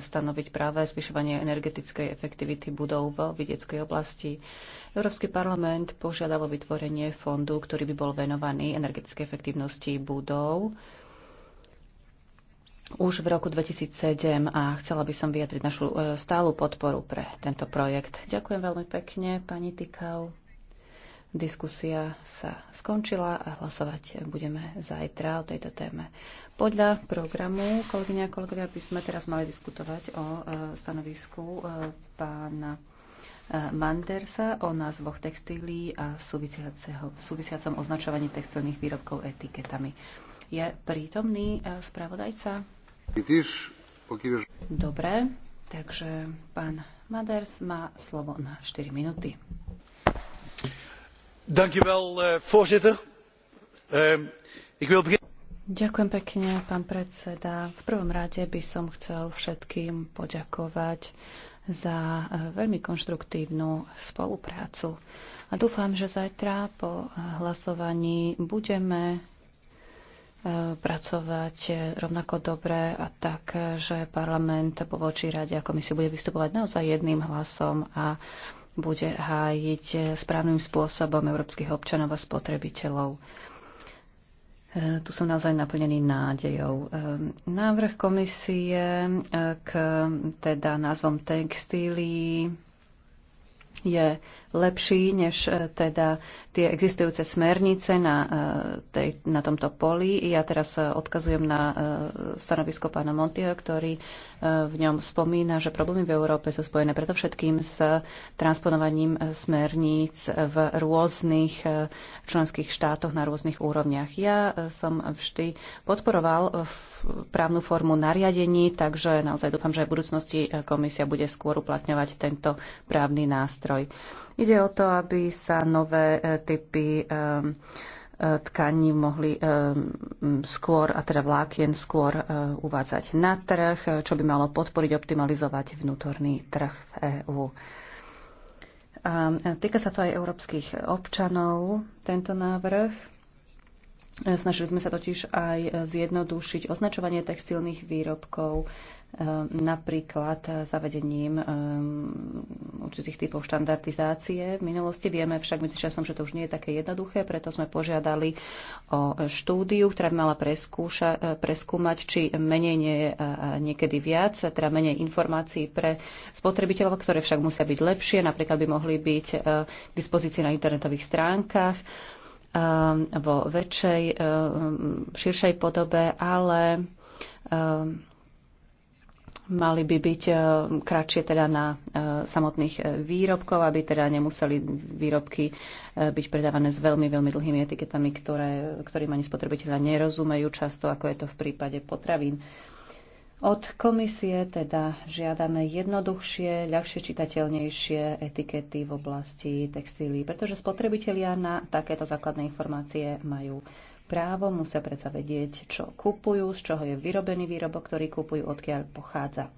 stanoviť práve zvyšovanie energetickej efektivity budov v vidieckej oblasti. Európsky parlament požiadalo vytvorenie fondu, ktorý by bol venovaný energetickej efektivnosti budov už v roku 2007 a chcela by som vyjadriť našu e, stálu podporu pre tento projekt. Ďakujem veľmi pekne, pani Tikau. Diskusia sa skončila a hlasovať budeme zajtra o tejto téme. Podľa programu, kolegyňa a kolegovia, by sme teraz mali diskutovať o e, stanovisku e, pána e, Mandersa o názvoch textílií a súvisiacom označovaní textilných výrobkov etiketami. Je prítomný spravodajca? Dobre, takže pán Maders má slovo na 4 minúty. Eh, ehm, Ďakujem pekne, pán predseda. V prvom rade by som chcel všetkým poďakovať za eh, veľmi konštruktívnu spoluprácu. A dúfam, že zajtra po hlasovaní budeme eh, pracovať rovnako dobre a tak, že parlament po voči rade a komisii bude vystupovať naozaj jedným hlasom a bude hájiť správnym spôsobom európskych občanov a spotrebiteľov. E, tu som naozaj naplnený nádejou. E, návrh komisie e, k teda názvom textílii je lepší než e, teda tie existujúce smernice na, e, tej, na tomto poli. Ja teraz e, odkazujem na stanovisko pána Montieho, ktorý v ňom spomína, že problémy v Európe sú spojené predovšetkým s transponovaním smerníc v rôznych členských štátoch na rôznych úrovniach. Ja som vždy podporoval právnu formu nariadení, takže naozaj dúfam, že v budúcnosti komisia bude skôr uplatňovať tento právny nástroj. Ide o to, aby sa nové e, typy e, e, tkaní mohli skôr, a teda vlákien skôr uvádzať na trh, čo by malo podporiť, optimalizovať vnútorný trh v EÚ. A týka sa to aj európskych občanov, tento návrh. Snažili sme sa totiž aj zjednodušiť označovanie textilných výrobkov Ehm, napríklad eh, zavedením ehm, určitých typov štandardizácie. V minulosti vieme však medzičasom, že to už nie je také jednoduché, preto sme požiadali o štúdiu, ktorá by mala preskúša, eh, preskúmať, či menej nie je eh, niekedy viac, teda menej informácií pre spotrebiteľov, ktoré však musia byť lepšie, napríklad by mohli byť k dispozícii na internetových stránkach ehm, vo väčšej, širšej podobe, ale mali by byť e, kratšie teda na e, samotných e, výrobkov, aby teda nemuseli výrobky byť predávané s veľmi, veľmi dlhými etiketami, ktoré, ktorým ani spotrebiteľa nerozumejú často, ako je to v prípade potravín. Od komisie teda žiadame jednoduchšie, ľahšie čitateľnejšie etikety v oblasti textílií, pretože spotrebitelia na takéto základné informácie majú právo, musia predsa vedieť, čo kupujú, z čoho je vyrobený výrobok, ktorý kupujú, odkiaľ pochádza.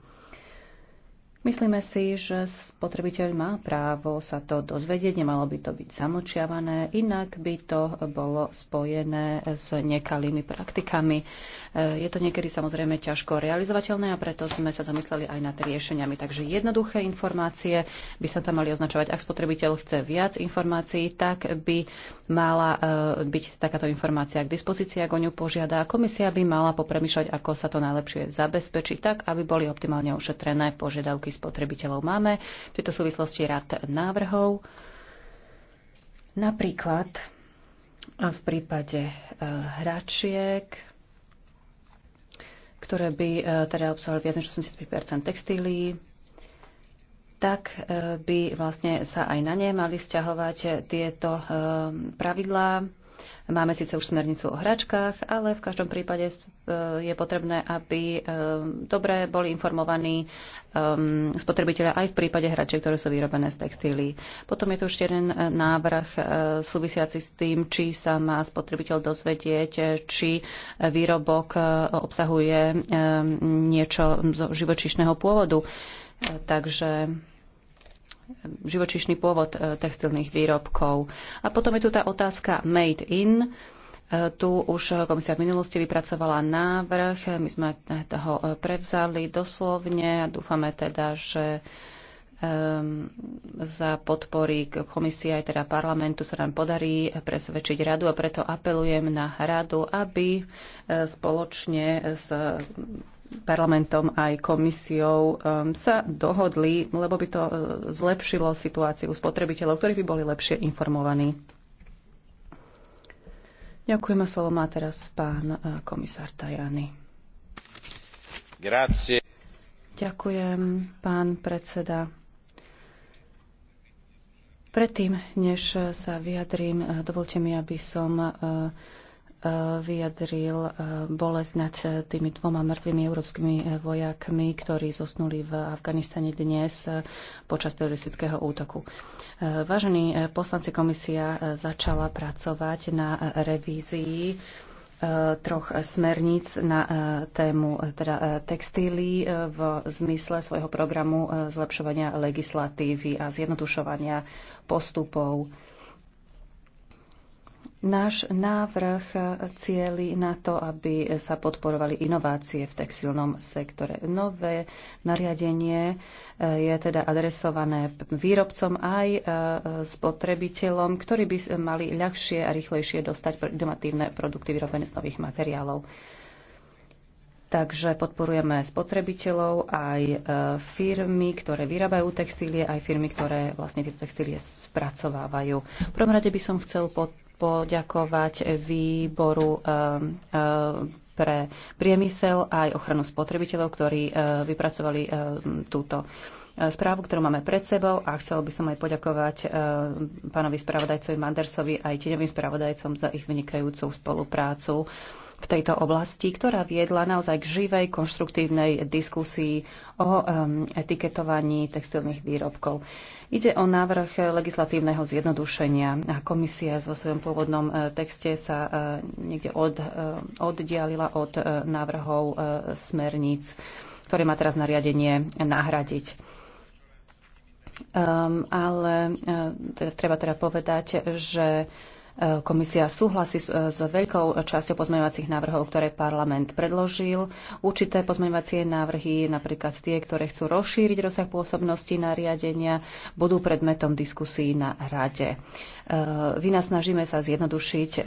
Myslíme si, že spotrebiteľ má právo sa to dozvedieť, nemalo by to byť zamlčiavané, inak by to bolo spojené s nekalými praktikami. Je to niekedy samozrejme ťažko realizovateľné a preto sme sa zamysleli aj nad riešeniami. Takže jednoduché informácie by sa tam mali označovať. Ak spotrebiteľ chce viac informácií, tak by mala e, byť takáto informácia k dispozícii, ak o ňu požiada. Komisia by mala popremýšľať, ako sa to najlepšie zabezpečiť, tak aby boli optimálne ošetrené požiadavky spotrebiteľov. Máme v tejto súvislosti rad návrhov. Napríklad v prípade e, hračiek, ktoré by e, teda obsahovali viac než 85 textílií, tak e, by vlastne sa aj na ne mali vzťahovať tieto pravidlá Máme síce už smernicu o hračkách, ale v každom prípade e, je potrebné, aby e, dobre boli informovaní e, spotrebitelia aj v prípade hračiek, ktoré sú vyrobené z textílií. Potom je tu ešte jeden návrh súvisiaci s tým, či sa má spotrebiteľ dozvedieť, či výrobok obsahuje niečo z živočíšneho pôvodu. Takže živočišný pôvod e, textilných výrobkov. A potom je tu tá otázka made in. E, tu už komisia v minulosti vypracovala návrh, my sme toho e, prevzali doslovne a dúfame teda, že za podpory komisie aj teda parlamentu sa nám podarí presvedčiť radu a preto apelujem na radu, aby spoločne s parlamentom aj komisiou um, sa dohodli, lebo by to uh, zlepšilo situáciu spotrebiteľov, ktorí by boli lepšie informovaní. Ďakujem a slovo má teraz pán uh, komisár Tajani. Grazie. Ďakujem, pán predseda. Predtým, než sa vyjadrím, uh, dovolte mi, aby som vyjadril e, bolesť nad e, tými dvoma mŕtvými európskymi e, vojakmi, ktorí zosnuli v Afganistane dnes počas teroristického útoku. Vážení poslanci, komisia začala pracovať na revízii troch smerníc na tému teda textílií v zmysle svojho programu zlepšovania legislatívy a zjednodušovania postupov Náš návrh cieli na to, aby sa podporovali inovácie v textilnom sektore. Nové nariadenie eh, je teda adresované výrobcom aj eh, spotrebiteľom, ktorí by mali ľahšie a rýchlejšie dostať inovatívne produkty vyrobené z nových materiálov. Takže podporujeme spotrebiteľov, aj eh, firmy, ktoré vyrábajú textílie, aj firmy, ktoré vlastne tieto textílie spracovávajú. V prvom rade by som chcel pod poďakovať výboru um, um, pre priemysel a aj ochranu spotrebiteľov, ktorí uh, vypracovali um, túto uh, správu, ktorú máme pred sebou a chcel by som aj poďakovať uh, pánovi spravodajcovi Mandersovi aj tieňovým spravodajcom za ich vynikajúcu spoluprácu v tejto oblasti, ktorá viedla naozaj k živej, konštruktívnej diskusii o um, etiketovaní textilných výrobkov. Ide o návrh legislatívneho zjednodušenia. Komisia vo svojom pôvodnom e, texte sa e, niekde od, e, oddialila od návrhov smerníc, ktoré má teraz nariadenie nahradiť. Um, ale uh, teda, treba teda povedať, že Komisia súhlasí s veľkou časťou pozmeňovacích návrhov, ktoré parlament predložil. Určité pozmeňovacie návrhy, napríklad tie, ktoré chcú rozšíriť rozsah pôsobnosti nariadenia, budú predmetom diskusí na rade. Eh, vynasnažíme sa zjednodušiť eh,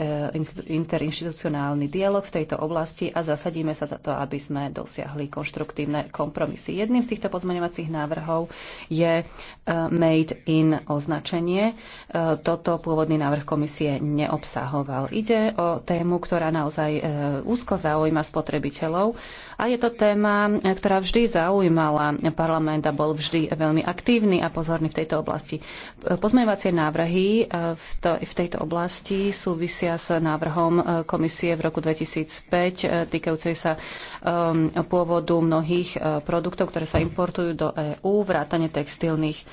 interinstitucionálny dialog v tejto oblasti a zasadíme sa za to, aby sme dosiahli konštruktívne kompromisy. Jedným z týchto pozmeňovacích návrhov je eh, made in označenie. Toto pôvodný návrh komisie neobsahoval. Ide o tému, ktorá naozaj úzko zaujíma spotrebiteľov a je to téma, ktorá vždy zaujímala parlament a bol vždy veľmi aktívny a pozorný v tejto oblasti. Pozmeňovacie návrhy e, v, to, v tejto oblasti súvisia s návrhom e, komisie v roku 2005 e, týkajúcej sa pôvodu mnohých produktov, ktoré sa importujú do EÚ, vrátane textilných.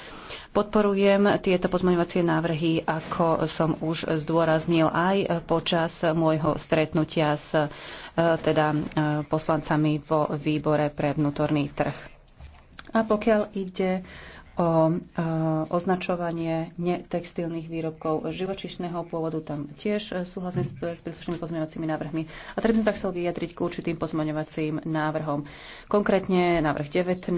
Podporujem tieto pozmeňovacie návrhy, ako som už zdôraznil aj počas môjho stretnutia s e, teda e, poslancami vo výbore pre vnútorný trh. A pokiaľ ide o e, označovanie netextilných výrobkov živočišného pôvodu. Tam tiež súhlasím s, príslušnými pozmeňovacími návrhmi. A teraz by som sa chcel vyjadriť k určitým pozmeňovacím návrhom. Konkrétne návrh 19,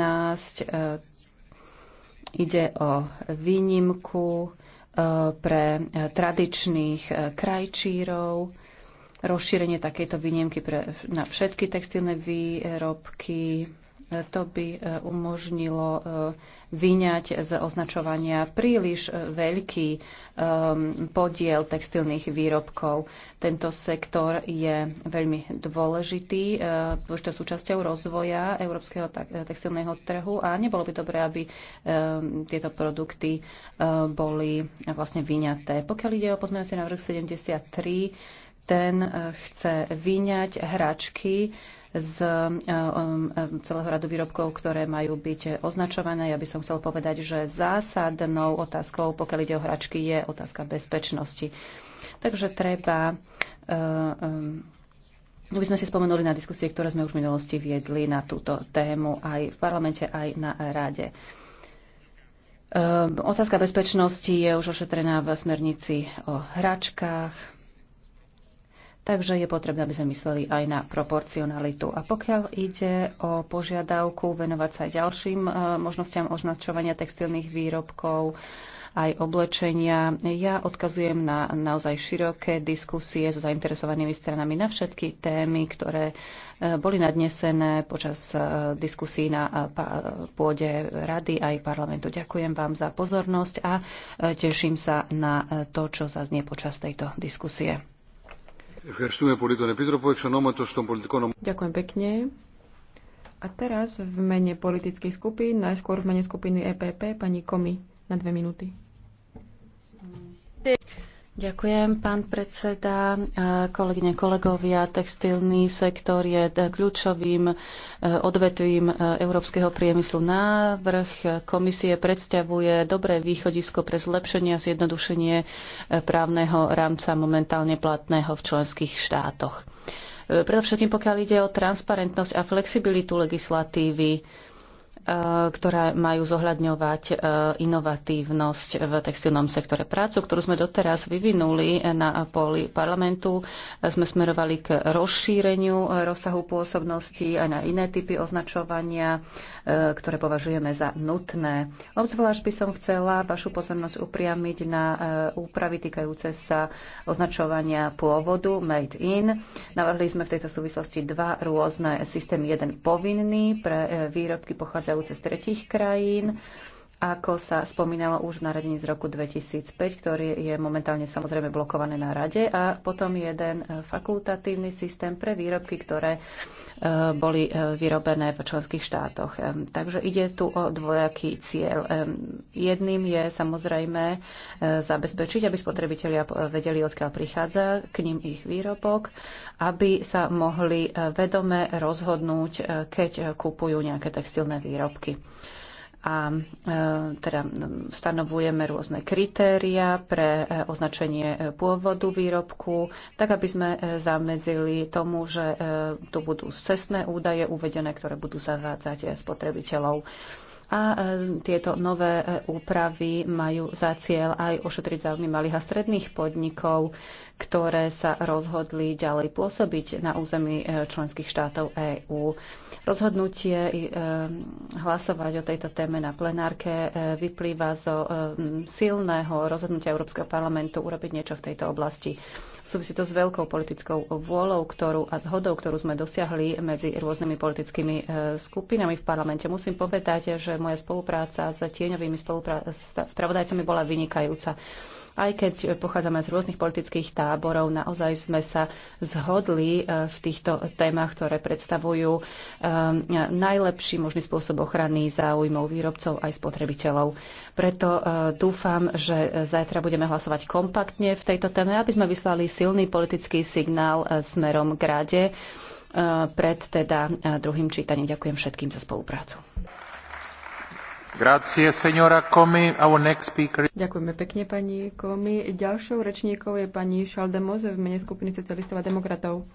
Ide o výnimku e, pre e, tradičných e, krajčírov, rozšírenie takejto výnimky pre, na všetky textilné výrobky, to by e, umožnilo e, vyňať z označovania príliš e, veľký podiel textilných výrobkov. Tento sektor je veľmi dôležitý, dôležitou súčasťou rozvoja európskeho textilného trhu a nebolo by dobré, aby tieto produkty boli vlastne vyňaté. Pokiaľ ide o pozmeňovací návrh 73, ten chce vyňať hračky, z e, e, celého radu výrobkov, ktoré majú byť označované. Ja by som chcel povedať, že zásadnou otázkou, pokiaľ ide o hračky, je otázka bezpečnosti. Takže treba e, by sme si spomenuli na diskusie, ktoré sme už v minulosti viedli na túto tému aj v parlamente, aj na rade. Otázka bezpečnosti je už ošetrená v smernici o hračkách. Takže je potrebné, aby sme mysleli aj na proporcionalitu. A pokiaľ ide o požiadavku venovať sa aj ďalším e, možnostiam označovania textilných výrobkov, aj oblečenia. Ja odkazujem na naozaj široké diskusie so zainteresovanými stranami na všetky témy, ktoré e, boli nadnesené počas e, diskusí na pôde rady aj parlamentu. Ďakujem vám za pozornosť a teším sa na to, čo zaznie počas tejto diskusie. Ďakujem pekne. A teraz v mene politických skupín, najskôr v mene skupiny EPP, pani Komi na dve minúty. Ďakujem, pán predseda. Kolegyne, kolegovia, textilný sektor je kľúčovým e, odvetvím e, európskeho priemyslu. Návrh komisie predstavuje dobré východisko pre zlepšenie a zjednodušenie e, právneho rámca momentálne platného v členských štátoch. Predovšetkým pokiaľ ide o transparentnosť a flexibilitu legislatívy, Eh, ktoré majú zohľadňovať eh, inovatívnosť v textilnom sektore. Prácu, ktorú sme doteraz vyvinuli na poli parlamentu, eh, sme smerovali k rozšíreniu rozsahu pôsobnosti aj na iné typy označovania E, ktoré považujeme za nutné. Obzvlášť by som chcela vašu pozornosť upriamiť na e, úpravy týkajúce sa označovania pôvodu Made in. Navrhli sme v tejto súvislosti dva rôzne systémy. Jeden povinný pre e, výrobky pochádzajúce z tretích krajín, ako sa spomínalo už v naradení z roku 2005, ktorý je momentálne samozrejme blokované na rade a potom jeden eh, fakultatívny systém pre výrobky, ktoré eh, boli eh, vyrobené v členských štátoch. Takže ide tu o dvojaký cieľ. Jedným je samozrejme zabezpečiť, aby spotrebitelia vedeli, odkiaľ prichádza k ním ich výrobok, aby sa mohli vedome rozhodnúť, keď kupujú nejaké textilné výrobky a e, teda stanovujeme rôzne kritéria pre e, označenie e, pôvodu výrobku, tak aby sme zamedzili tomu, že tu budú cestné údaje uvedené, ktoré budú zavádzať spotrebiteľov. A tieto nové úpravy majú za cieľ aj ošetriť záujmy malých a stredných podnikov, ktoré sa rozhodli ďalej pôsobiť na území e, členských štátov EÚ. Rozhodnutie e, hlasovať o tejto téme na plenárke e, vyplýva zo silného rozhodnutia Európskeho parlamentu urobiť niečo v tejto oblasti. Súvisí to s veľkou politickou vôľou ktorú a zhodou, ktorú sme dosiahli medzi rôznymi politickými skupinami v parlamente. Musím povedať, že moja spolupráca s tieňovými spravodajcami bola vynikajúca. Aj keď pochádzame z rôznych politických tá táborov. Naozaj sme sa zhodli e, v týchto témach, ktoré predstavujú e, najlepší možný spôsob ochrany záujmov výrobcov aj spotrebiteľov. Preto e, dúfam, že zajtra budeme hlasovať kompaktne v tejto téme, aby sme vyslali silný politický signál smerom k rade pred teda druhým čítaním. Ďakujem všetkým za spoluprácu. Ďakujeme pekne, pani Komi. Ďalšou rečníkou je pani Šaldemoze v mene skupiny socialistov a demokratov.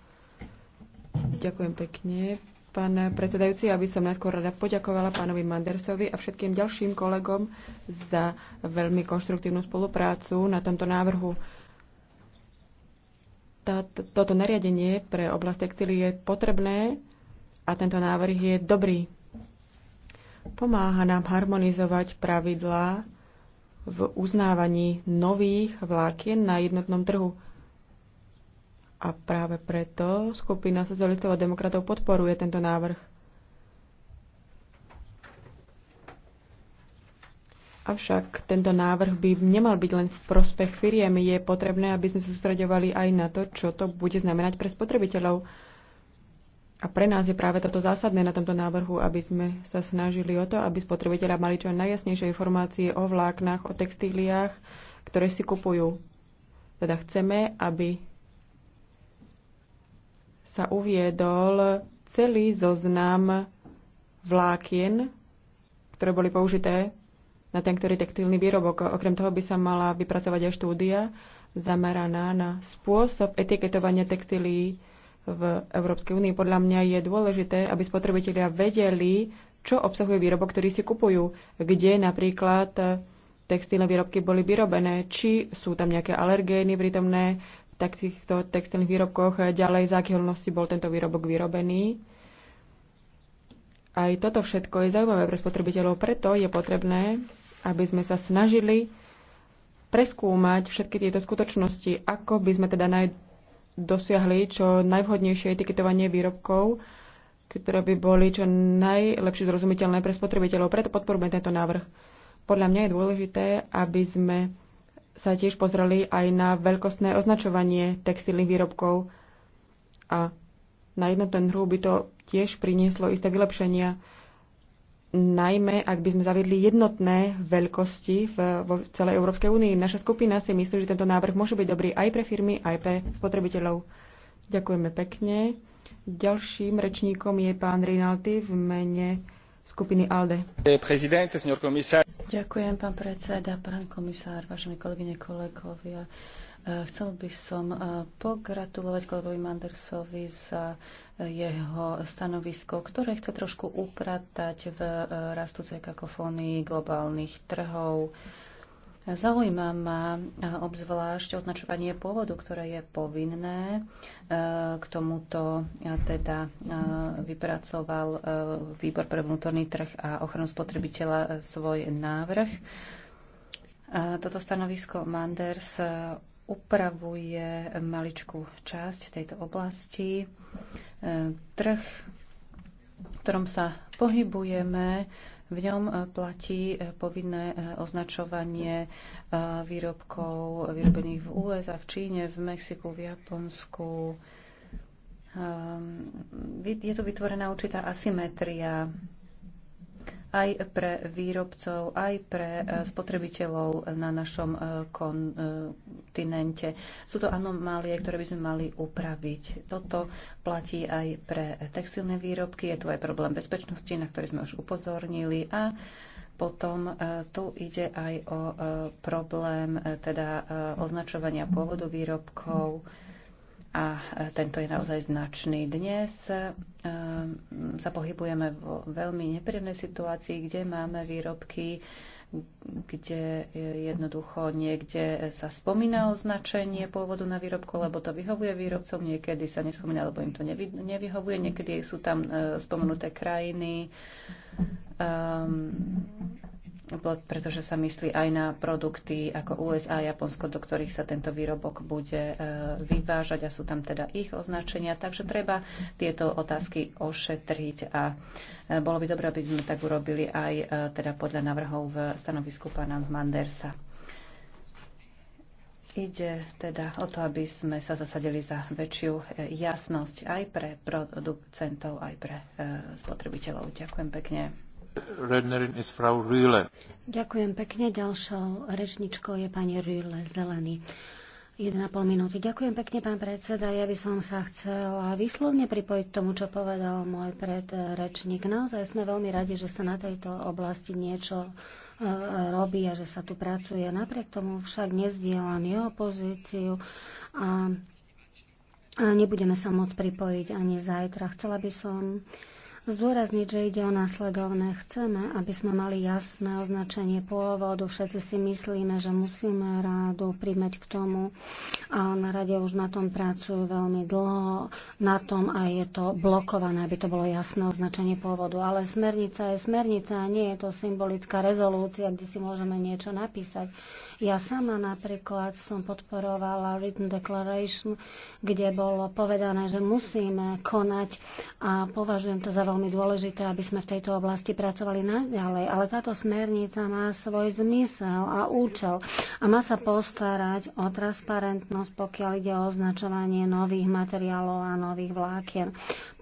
Ďakujem pekne. Pán predsedajúci, aby som najskôr rada poďakovala pánovi Mandersovi a všetkým ďalším kolegom za veľmi konštruktívnu spoluprácu na tomto návrhu. toto nariadenie pre oblasť textíly je potrebné a tento návrh je dobrý Pomáha nám harmonizovať pravidlá v uznávaní nových vlákien na jednotnom trhu. A práve preto skupina socialistov a demokratov podporuje tento návrh. Avšak tento návrh by nemal byť len v prospech firiem. Je potrebné, aby sme sa sústredovali aj na to, čo to bude znamenať pre spotrebiteľov. A pre nás je práve toto zásadné na tomto návrhu, aby sme sa snažili o to, aby spotrebiteľa mali čo najjasnejšie informácie o vláknach, o textíliách, ktoré si kupujú. Teda chceme, aby sa uviedol celý zoznam vlákien, ktoré boli použité na ten, ktorý textilný výrobok. Okrem toho by sa mala vypracovať aj štúdia zameraná na spôsob etiketovania textílií v Európskej únii. Podľa mňa je dôležité, aby spotrebitelia vedeli, čo obsahuje výrobok, ktorý si kupujú, kde napríklad textilné výrobky boli vyrobené, či sú tam nejaké alergény prítomné v takýchto textilných výrobkoch, ďalej z aké bol tento výrobok vyrobený. Aj toto všetko je zaujímavé pre spotrebiteľov, preto je potrebné, aby sme sa snažili preskúmať všetky tieto skutočnosti, ako by sme teda naj dosiahli čo najvhodnejšie etiketovanie výrobkov, ktoré by boli čo najlepšie zrozumiteľné pre spotrebiteľov. Preto podporujeme tento návrh. Podľa mňa je dôležité, aby sme sa tiež pozreli aj na veľkostné označovanie textilných výrobkov a na jednotný trhu by to tiež prinieslo isté vylepšenia najmä ak by sme zaviedli jednotné veľkosti v, vo celej Európskej únii. Naša skupina si myslí, že tento návrh môže byť dobrý aj pre firmy, aj pre spotrebiteľov. Ďakujeme pekne. Ďalším rečníkom je pán Rinaldi v mene skupiny ALDE. Ďakujem, pán predseda, pán komisár, vážení kolegyne, kolegovia. Eh, chcel by som eh, pogratulovať kolegovi Mandersovi za eh, jeho stanovisko, ktoré chce trošku upratať v rastúcej kakofónii globálnych trhov. Zaujíma ma obzvlášť označovanie pôvodu, ktoré je povinné. K tomuto teda vypracoval Výbor pre vnútorný trh a ochranu spotrebiteľa svoj návrh. Toto stanovisko Manders upravuje maličkú časť v tejto oblasti. E, trh, v ktorom sa pohybujeme, v ňom platí e, povinné e, označovanie výrobkov vyrobených v USA, v Číne, v Mexiku, v Japonsku. Ehm, je tu vytvorená určitá asymetria aj pre výrobcov, aj pre e, spotrebiteľov na našom e, kontinente. Sú to anomálie, ktoré by sme mali upraviť. Toto platí aj pre textilné výrobky. Je tu aj problém bezpečnosti, na ktorý sme už upozornili. A potom e, tu ide aj o problém teda označovania pôvodu výrobkov a e, tento je naozaj značný. Dnes e, sa pohybujeme v veľmi nepríjemnej situácii, kde máme výrobky, kde jednoducho niekde sa spomína označenie pôvodu na výrobku, lebo to vyhovuje výrobcom, niekedy sa nespomína, lebo im to nevy, nevyhovuje, niekedy sú tam e, spomenuté krajiny. Um, pretože sa myslí aj na produkty ako USA a Japonsko, do ktorých sa tento výrobok bude e, vyvážať a sú tam teda ich označenia. Takže treba tieto otázky ošetriť a e, bolo by dobré, aby sme tak urobili aj e, teda podľa navrhov v stanovisku pána Mandersa. Ide teda o to, aby sme sa zasadili za väčšiu jasnosť aj pre producentov, aj pre spotrebiteľov. Ďakujem pekne. Ďakujem pekne. Ďalšou rečničkou je pani Rühle Zelený. 1,5 minúty. Ďakujem pekne, pán predseda. Ja by som sa chcela výslovne pripojiť k tomu, čo povedal môj predrečník. Naozaj sme veľmi radi, že sa na tejto oblasti niečo e, robí a že sa tu pracuje. Napriek tomu však nezdielam jeho pozíciu a nebudeme sa môcť pripojiť ani zajtra. Chcela by som zdôrazniť, že ide o následovné. Chceme, aby sme mali jasné označenie pôvodu. Všetci si myslíme, že musíme rádu primeť k tomu. A na rade už na tom pracujú veľmi dlho. Na tom a je to blokované, aby to bolo jasné označenie pôvodu. Ale smernica je smernica a nie je to symbolická rezolúcia, kde si môžeme niečo napísať. Ja sama napríklad som podporovala Written Declaration, kde bolo povedané, že musíme konať a považujem to za veľmi veľmi dôležité, aby sme v tejto oblasti pracovali naďalej, ale táto smernica má svoj zmysel a účel a má sa postarať o transparentnosť, pokiaľ ide o označovanie nových materiálov a nových vlákien.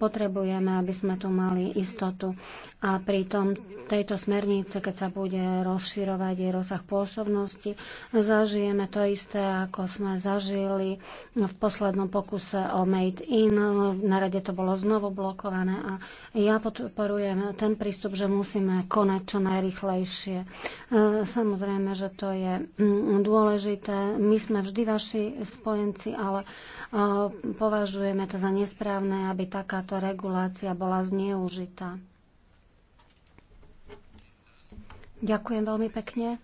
Potrebujeme, aby sme tu mali istotu a pritom tejto smernice, keď sa bude rozširovať jej rozsah pôsobnosti, zažijeme to isté, ako sme zažili v poslednom pokuse o Made in. Na rade to bolo znovu blokované a ja podporujem ten prístup, že musíme konať čo najrychlejšie. E, samozrejme, že to je mm, dôležité. My sme vždy vaši spojenci, ale e, považujeme to za nesprávne, aby takáto regulácia bola zneužitá. Ďakujem veľmi pekne.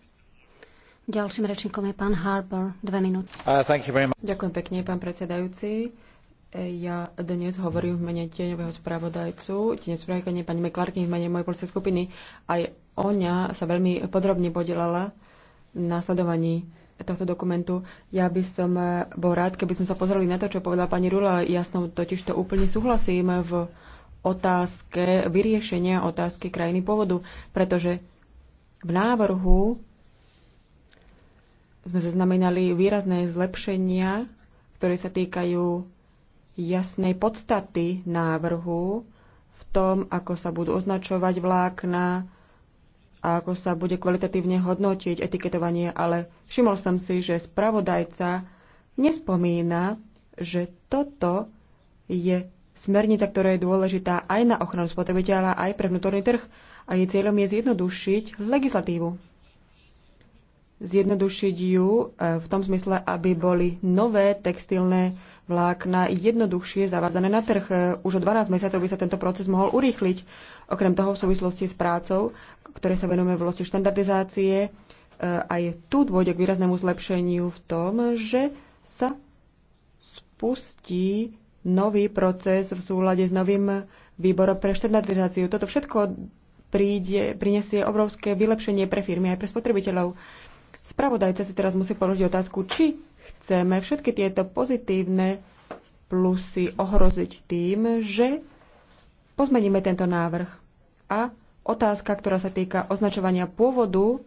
Ďalším rečníkom je pán Harbour. Dve minúty. Uh, Ďakujem pekne, pán predsedajúci. Ja dnes hovorím v mene tieňového spravodajcu, tieňového spravodajkanie pani McClarky v mene mojej policie skupiny. Aj ona sa veľmi podrobne podielala na sledovaní tohto dokumentu. Ja by som bol rád, keby sme sa pozreli na to, čo povedala pani Rula. Ja s totiž to úplne súhlasím v otázke vyriešenia otázky krajiny pôvodu, pretože v návrhu sme zaznamenali výrazné zlepšenia, ktoré sa týkajú jasnej podstaty návrhu v tom, ako sa budú označovať vlákna a ako sa bude kvalitatívne hodnotiť etiketovanie, ale všimol som si, že spravodajca nespomína, že toto je smernica, ktorá je dôležitá aj na ochranu spotrebiteľa, aj pre vnútorný trh a jej cieľom je zjednodušiť legislatívu. Zjednodušiť ju e, v tom smysle, aby boli nové textilné vlákna jednoduchšie zavádzané na trh. E, už o 12 mesiacov by sa tento proces mohol urýchliť. Okrem toho v súvislosti s prácou, ktoré sa venujeme v vlasti štandardizácie, e, aj tu dôjde k výraznému zlepšeniu v tom, že sa spustí nový proces v súlade s novým výborom pre štandardizáciu. Toto všetko príde, prinesie obrovské vylepšenie pre firmy aj pre spotrebiteľov. Spravodajca si teraz musí položiť otázku, či chceme všetky tieto pozitívne plusy ohroziť tým, že pozmeníme tento návrh. A otázka, ktorá sa týka označovania pôvodu,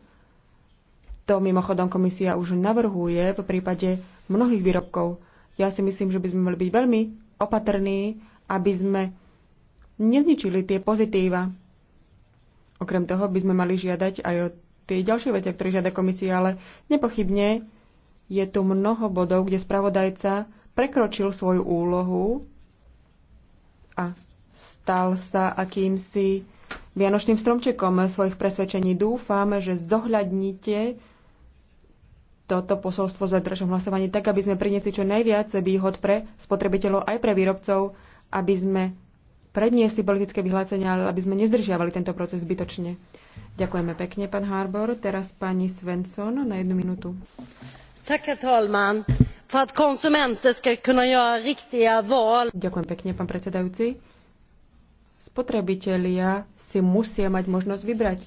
to mimochodom komisia už navrhuje v prípade mnohých výrobkov. Ja si myslím, že by sme mali byť veľmi opatrní, aby sme nezničili tie pozitíva Okrem toho by sme mali žiadať aj o tie ďalšie veci, ktoré žiada komisia, ale nepochybne je tu mnoho bodov, kde spravodajca prekročil svoju úlohu a stal sa akýmsi vianočným stromčekom svojich presvedčení. Dúfam, že zohľadnite toto posolstvo za držom hlasovaní tak, aby sme priniesli čo najviac výhod pre spotrebiteľov aj pre výrobcov, aby sme predniesli politické vyhlásenia, ale aby sme nezdržiavali tento proces zbytočne. Ďakujeme pekne, pán Harbor. Teraz pani Svensson na jednu minútu. Ďakujem pekne, pán predsedajúci. Spotrebitelia si musia mať možnosť vybrať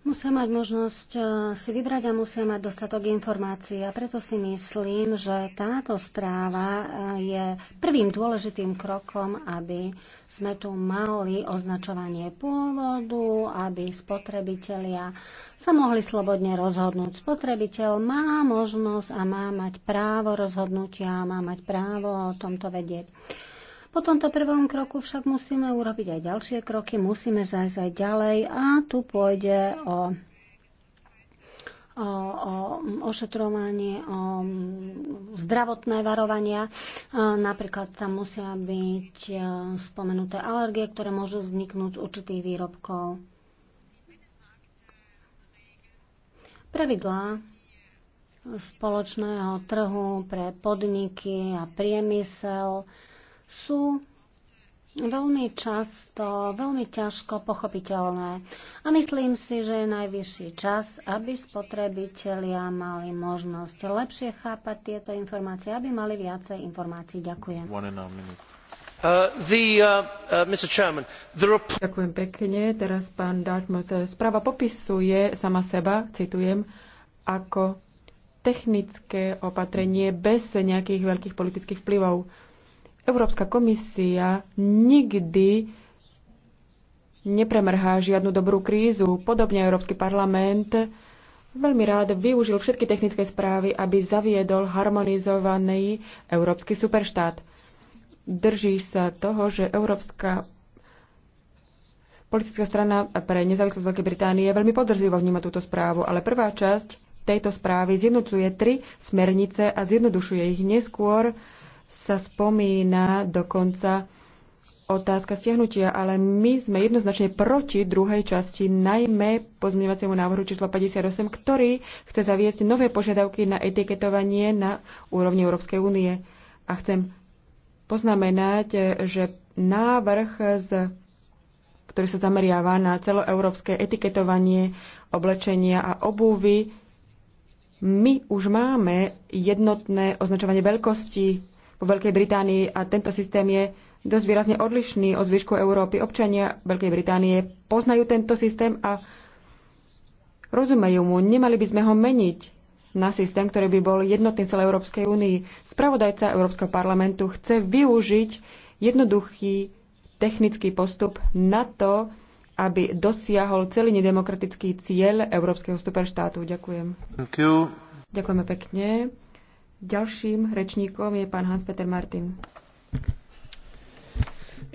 Musia mať možnosť eh, si vybrať a musia mať dostatok informácií. A preto si myslím, že táto správa eh, je prvým dôležitým krokom, aby sme tu mali označovanie pôvodu, aby spotrebitelia sa mohli slobodne rozhodnúť. Spotrebiteľ má možnosť a má mať právo rozhodnutia, má mať právo o tomto vedieť. Po tomto prvom kroku však musíme urobiť aj ďalšie kroky, musíme zájsť aj ďalej a tu pôjde o o, o ošetrovanie, o zdravotné varovania. Napríklad tam musia byť e, spomenuté alergie, ktoré môžu vzniknúť z určitých výrobkov. Pravidlá spoločného trhu pre podniky a priemysel sú veľmi často, veľmi ťažko pochopiteľné. A myslím si, že je najvyšší čas, aby spotrebitelia mali možnosť lepšie chápať tieto informácie, aby mali viacej informácií. Ďakujem. Uh, uh, uh, Ďakujem pekne. Teraz pán Dartmouth. Eh, správa popisuje sama seba, citujem, ako technické opatrenie bez nejakých veľkých politických vplyvov Európska komisia nikdy nepremrhá žiadnu dobrú krízu. Podobne Európsky parlament veľmi rád využil všetky technické správy, aby zaviedol harmonizovaný európsky superštát. Drží sa toho, že Európska politická strana pre nezávislosť Veľkej Británie veľmi podrzivo vníma túto správu, ale prvá časť tejto správy zjednocuje tri smernice a zjednodušuje ich neskôr sa spomína dokonca otázka stiahnutia, ale my sme jednoznačne proti druhej časti, najmä pozmeňovaciemu návrhu číslo 58, ktorý chce zaviesť nové požiadavky na etiketovanie na úrovni Európskej únie. A chcem poznamenať, že návrh, z, ktorý sa zameriava na celoeurópske etiketovanie oblečenia a obuvy, my už máme jednotné označovanie veľkosti vo Veľkej Británii a tento systém je dosť výrazne odlišný od zvyšku Európy. Občania Veľkej Británie poznajú tento systém a rozumejú mu. Nemali by sme ho meniť na systém, ktorý by bol jednotný celej Európskej únii. Spravodajca Európskeho parlamentu chce využiť jednoduchý technický postup na to, aby dosiahol celý nedemokratický cieľ Európskeho superštátu. Ďakujem. Ďakujeme pekne. Ďalším rečníkom je pán Hans-Peter Martin.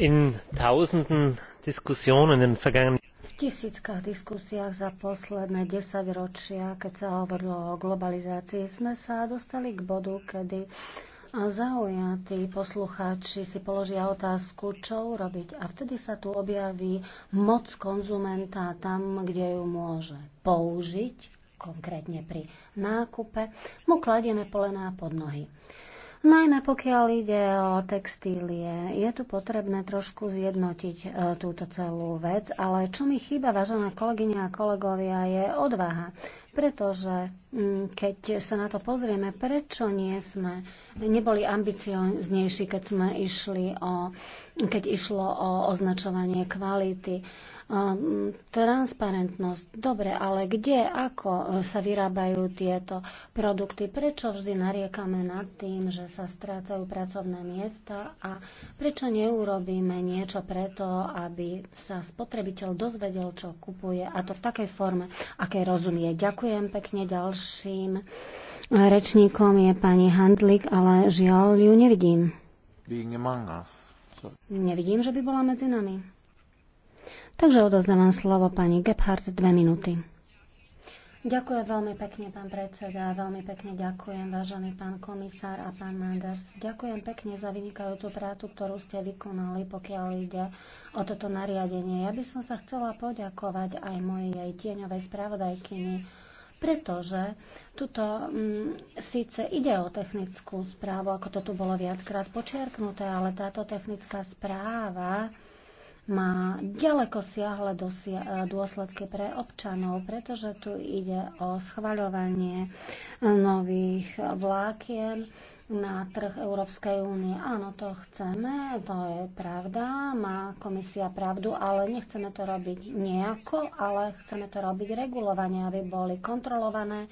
In tausenden Diskussionen in vergangenen v tisíckach diskusiách za posledné desaťročia, keď sa hovorilo o globalizácii, sme sa dostali k bodu, kedy zaujatí poslucháči si položia otázku, čo urobiť. A vtedy sa tu objaví moc konzumenta tam, kde ju môže použiť konkrétne pri nákupe, mu kladieme polená pod nohy. Najmä pokiaľ ide o textílie, je tu potrebné trošku zjednotiť e, túto celú vec, ale čo mi chýba, vážené kolegyne a kolegovia, je odvaha. Pretože mm, keď sa na to pozrieme, prečo nie sme neboli ambicioznejší, keď sme išli o, keď išlo o označovanie kvality. Ehm, transparentnosť. Dobre, ale kde, ako sa vyrábajú tieto produkty? Prečo vždy nariekame nad tým, že sa strácajú pracovné miesta a prečo neurobíme niečo preto, aby sa spotrebiteľ dozvedel, čo kupuje a to v takej forme, aké rozumie. Ďakujem pekne ďalším rečníkom je pani Handlik, ale žiaľ ju nevidím. Being among us. Nevidím, že by bola medzi nami. Takže odozdávam slovo pani Gebhardt, dve minúty. Ďakujem veľmi pekne, pán predseda, veľmi pekne ďakujem, vážený pán komisár a pán Manders. Ďakujem pekne za vynikajúcu prácu, ktorú ste vykonali, pokiaľ ide o toto nariadenie. Ja by som sa chcela poďakovať aj mojej tieňovej spravodajkyni, pretože tuto m, mm, síce ide o technickú správu, ako to tu bolo viackrát počiarknuté, ale táto technická správa má ďaleko siahle e, dôsledky pre občanov, pretože tu ide o schvaľovanie e, nových vlákien na trh Európskej únie. Áno, to chceme, to je pravda, má komisia pravdu, ale nechceme to robiť nejako, ale chceme to robiť regulovane, aby boli kontrolované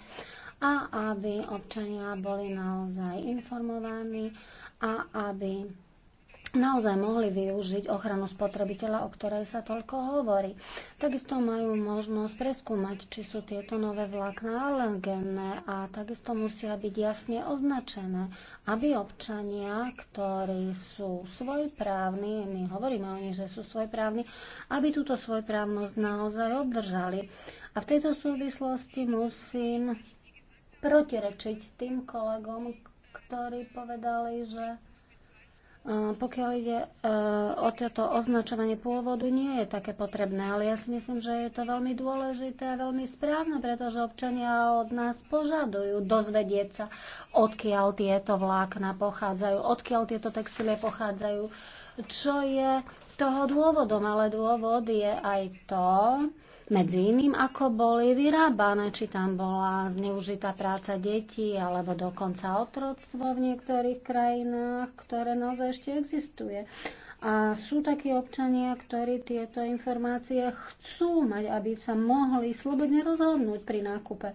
a aby občania boli naozaj informovaní a aby naozaj mohli využiť ochranu spotrebiteľa, o ktorej sa toľko hovorí. Takisto majú možnosť preskúmať, či sú tieto nové vlákna alergenné a takisto musia byť jasne označené, aby občania, ktorí sú svojprávni, my hovoríme o nich, že sú svojprávni, aby túto svojprávnosť naozaj obdržali. A v tejto súvislosti musím protirečiť tým kolegom, ktorí povedali, že Eh, pokiaľ ide eh, o toto označovanie pôvodu, nie je také potrebné, ale ja si myslím, že je to veľmi dôležité a veľmi správne, pretože občania od nás požadujú dozvedieť sa, odkiaľ tieto vlákna pochádzajú, odkiaľ tieto textilie pochádzajú, čo je toho dôvodom, ale dôvod je aj to, medzi iným, ako boli vyrábané, či tam bola zneužitá práca detí alebo dokonca otroctvo v niektorých krajinách, ktoré naozaj ešte existuje. A sú takí občania, ktorí tieto informácie chcú mať, aby sa mohli slobodne rozhodnúť pri nákupe.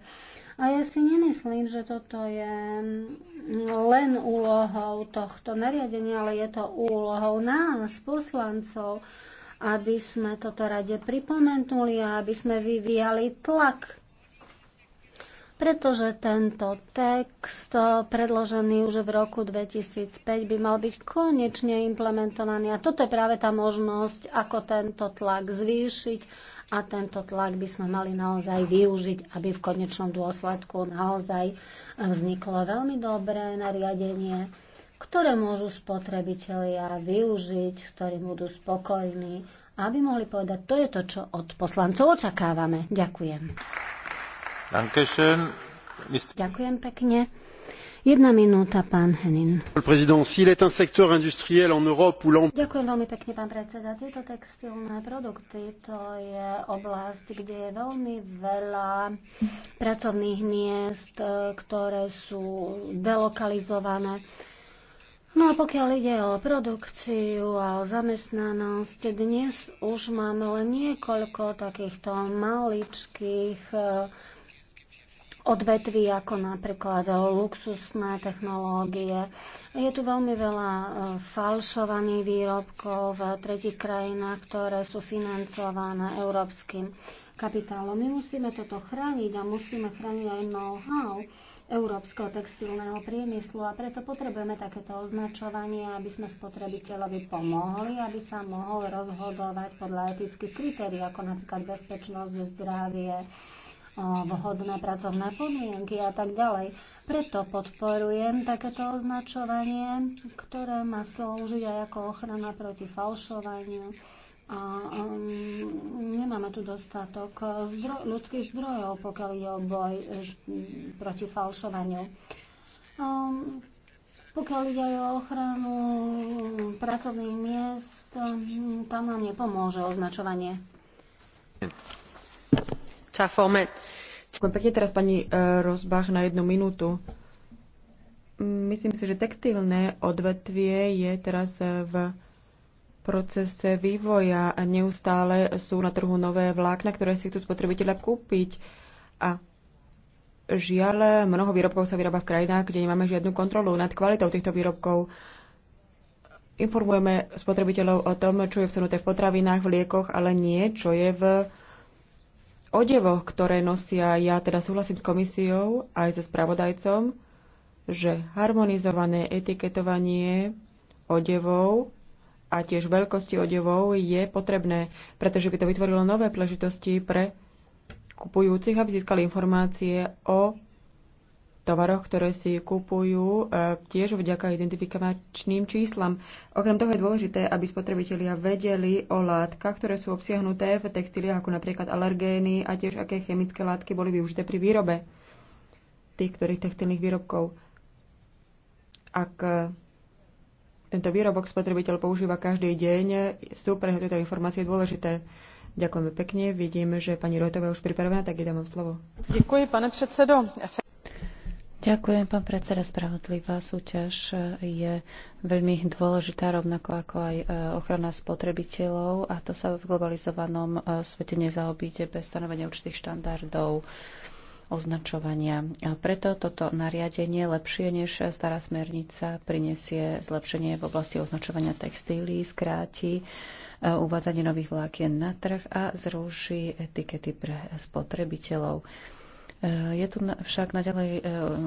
A ja si nemyslím, že toto je len úlohou tohto nariadenia, ale je to úlohou nás, poslancov, aby sme toto rade pripomenuli a aby sme vyvíjali tlak pretože tento text predložený už v roku 2005 by mal byť konečne implementovaný. A toto je práve tá možnosť, ako tento tlak zvýšiť a tento tlak by sme mali naozaj využiť, aby v konečnom dôsledku naozaj vzniklo veľmi dobré nariadenie, ktoré môžu spotrebitelia využiť, s budú spokojní, aby mohli povedať, to je to, čo od poslancov očakávame. Ďakujem. Ďakujem pekne. Jedna minúta, pán Henin. Ďakujem veľmi pekne, pán predseda. Tieto textilné produkty, to je oblasť, kde je veľmi veľa pracovných miest, e, ktoré sú delokalizované. No a pokiaľ ide o produkciu a o zamestnanosť, dnes už máme len niekoľko takýchto maličkých e, odvetví, ako napríklad luxusné technológie. Je tu veľmi veľa e, falšovaných výrobkov v tretich krajinách, ktoré sú financované európskym kapitálom. My musíme toto chrániť a musíme chrániť aj know-how európskeho textilného priemyslu a preto potrebujeme takéto označovanie, aby sme spotrebiteľovi pomohli, aby sa mohol rozhodovať podľa etických kritérií, ako napríklad bezpečnosť, zdravie, vhodné pracovné podmienky a tak ďalej. Preto podporujem takéto označovanie, ktoré má slúžiť aj ako ochrana proti falšovaniu a um, nemáme tu dostatok eh, zdro- ľudských zdrojov, pokiaľ je o boj eh, proti falšovaniu. Um, pokiaľ ide o ochranu pracovných miest, hm, tam nám nepomôže označovanie. Pekne teraz pani eh, Rozbach na jednu minútu. Myslím si, že textilné odvetvie je teraz v procese vývoja a neustále sú na trhu nové vlákna, ktoré si chcú spotrebiteľa kúpiť. A žiaľ, mnoho výrobkov sa vyrába v krajinách, kde nemáme žiadnu kontrolu nad kvalitou týchto výrobkov. Informujeme spotrebiteľov o tom, čo je vsunuté v potravinách, v liekoch, ale nie, čo je v odevoch, ktoré nosia. Ja teda súhlasím s komisiou aj so spravodajcom, že harmonizované etiketovanie odevov a tiež veľkosti odevov je potrebné, pretože by to vytvorilo nové príležitosti pre kupujúcich, aby získali informácie o tovaroch, ktoré si kupujú, e, tiež vďaka identifikačným číslam. Okrem toho je dôležité, aby spotrebitelia vedeli o látkach, ktoré sú obsiahnuté v textíliách, ako napríklad alergény a tiež aké chemické látky boli využité pri výrobe tých ktorých textilných výrobkov. Ak e, tento výrobok spotrebiteľ používa každý deň, sú pre tieto informácie dôležité. Ďakujeme pekne. Vidím, že pani Rotová už pripravená, tak jej vám slovo. Ďakujem, pane predsedo. Ďakujem, pán predseda. Spravodlivá súťaž je veľmi dôležitá, rovnako ako aj e, ochrana spotrebiteľov a to sa v globalizovanom e, svete nezaobíde bez stanovenia určitých štandardov označovania. Preto toto nariadenie lepšie než stará smernica prinesie zlepšenie v oblasti označovania textílí, skráti e, uvádzanie nových vlákien na trh a zruší etikety pre spotrebiteľov. E, je tu však naďalej e,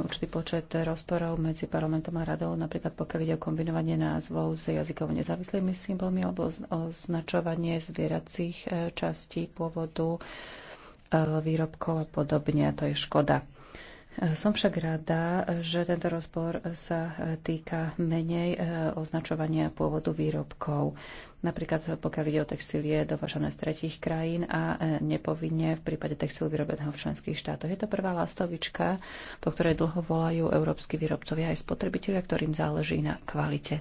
určitý počet rozporov medzi parlamentom a radou, napríklad pokiaľ ide o kombinovanie názvov s jazykovo nezávislými symbolmi alebo označovanie zvieracích častí pôvodu výrobkov a podobne. A to je škoda. Som však rada, že tento rozbor sa týka menej e, označovania pôvodu výrobkov. Napríklad pokiaľ ide o textílie dovažené z tretích krajín a e, nepovinne v prípade textil vyrobeného v členských štátoch. Je to prvá lastovička, po ktorej dlho volajú európsky výrobcovia aj spotrebitelia, ktorým záleží na kvalite.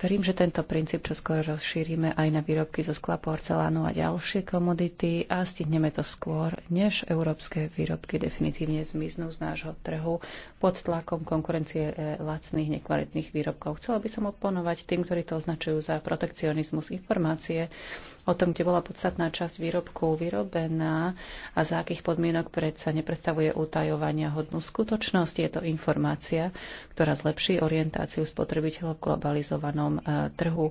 Verím, že tento princíp čo skôr rozšírime aj na výrobky zo skla, porcelánu a ďalšie komodity a stihneme to skôr, než európske výrobky definitívne zmiznú z nášho trhu pod tlakom konkurencie e, lacných, nekvalitných výrobkov. Chcela by som oponovať tým, ktorí to označujú za protekcionizmus informácie o tom, kde bola podstatná časť výrobkov vyrobená a za akých podmienok predsa nepredstavuje utajovania hodnú skutočnosť. Je to informácia, ktorá zlepší orientáciu spotrebiteľov v globalizovanom e, trhu.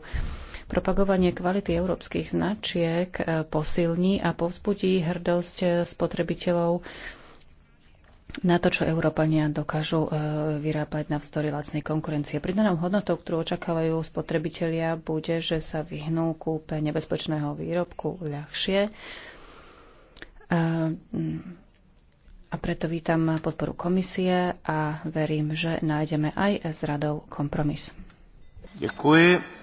Propagovanie kvality európskych značiek e, posilní a povzbudí hrdosť e, spotrebiteľov na to, čo Európania dokážu e, vyrábať na vzdory lacnej konkurencie. Pridanou hodnotou, ktorú očakávajú spotrebitelia, bude, že sa vyhnú kúpe nebezpečného výrobku ľahšie. E, a preto vítam podporu komisie a verím, že nájdeme aj s radou kompromis. Ďakujem.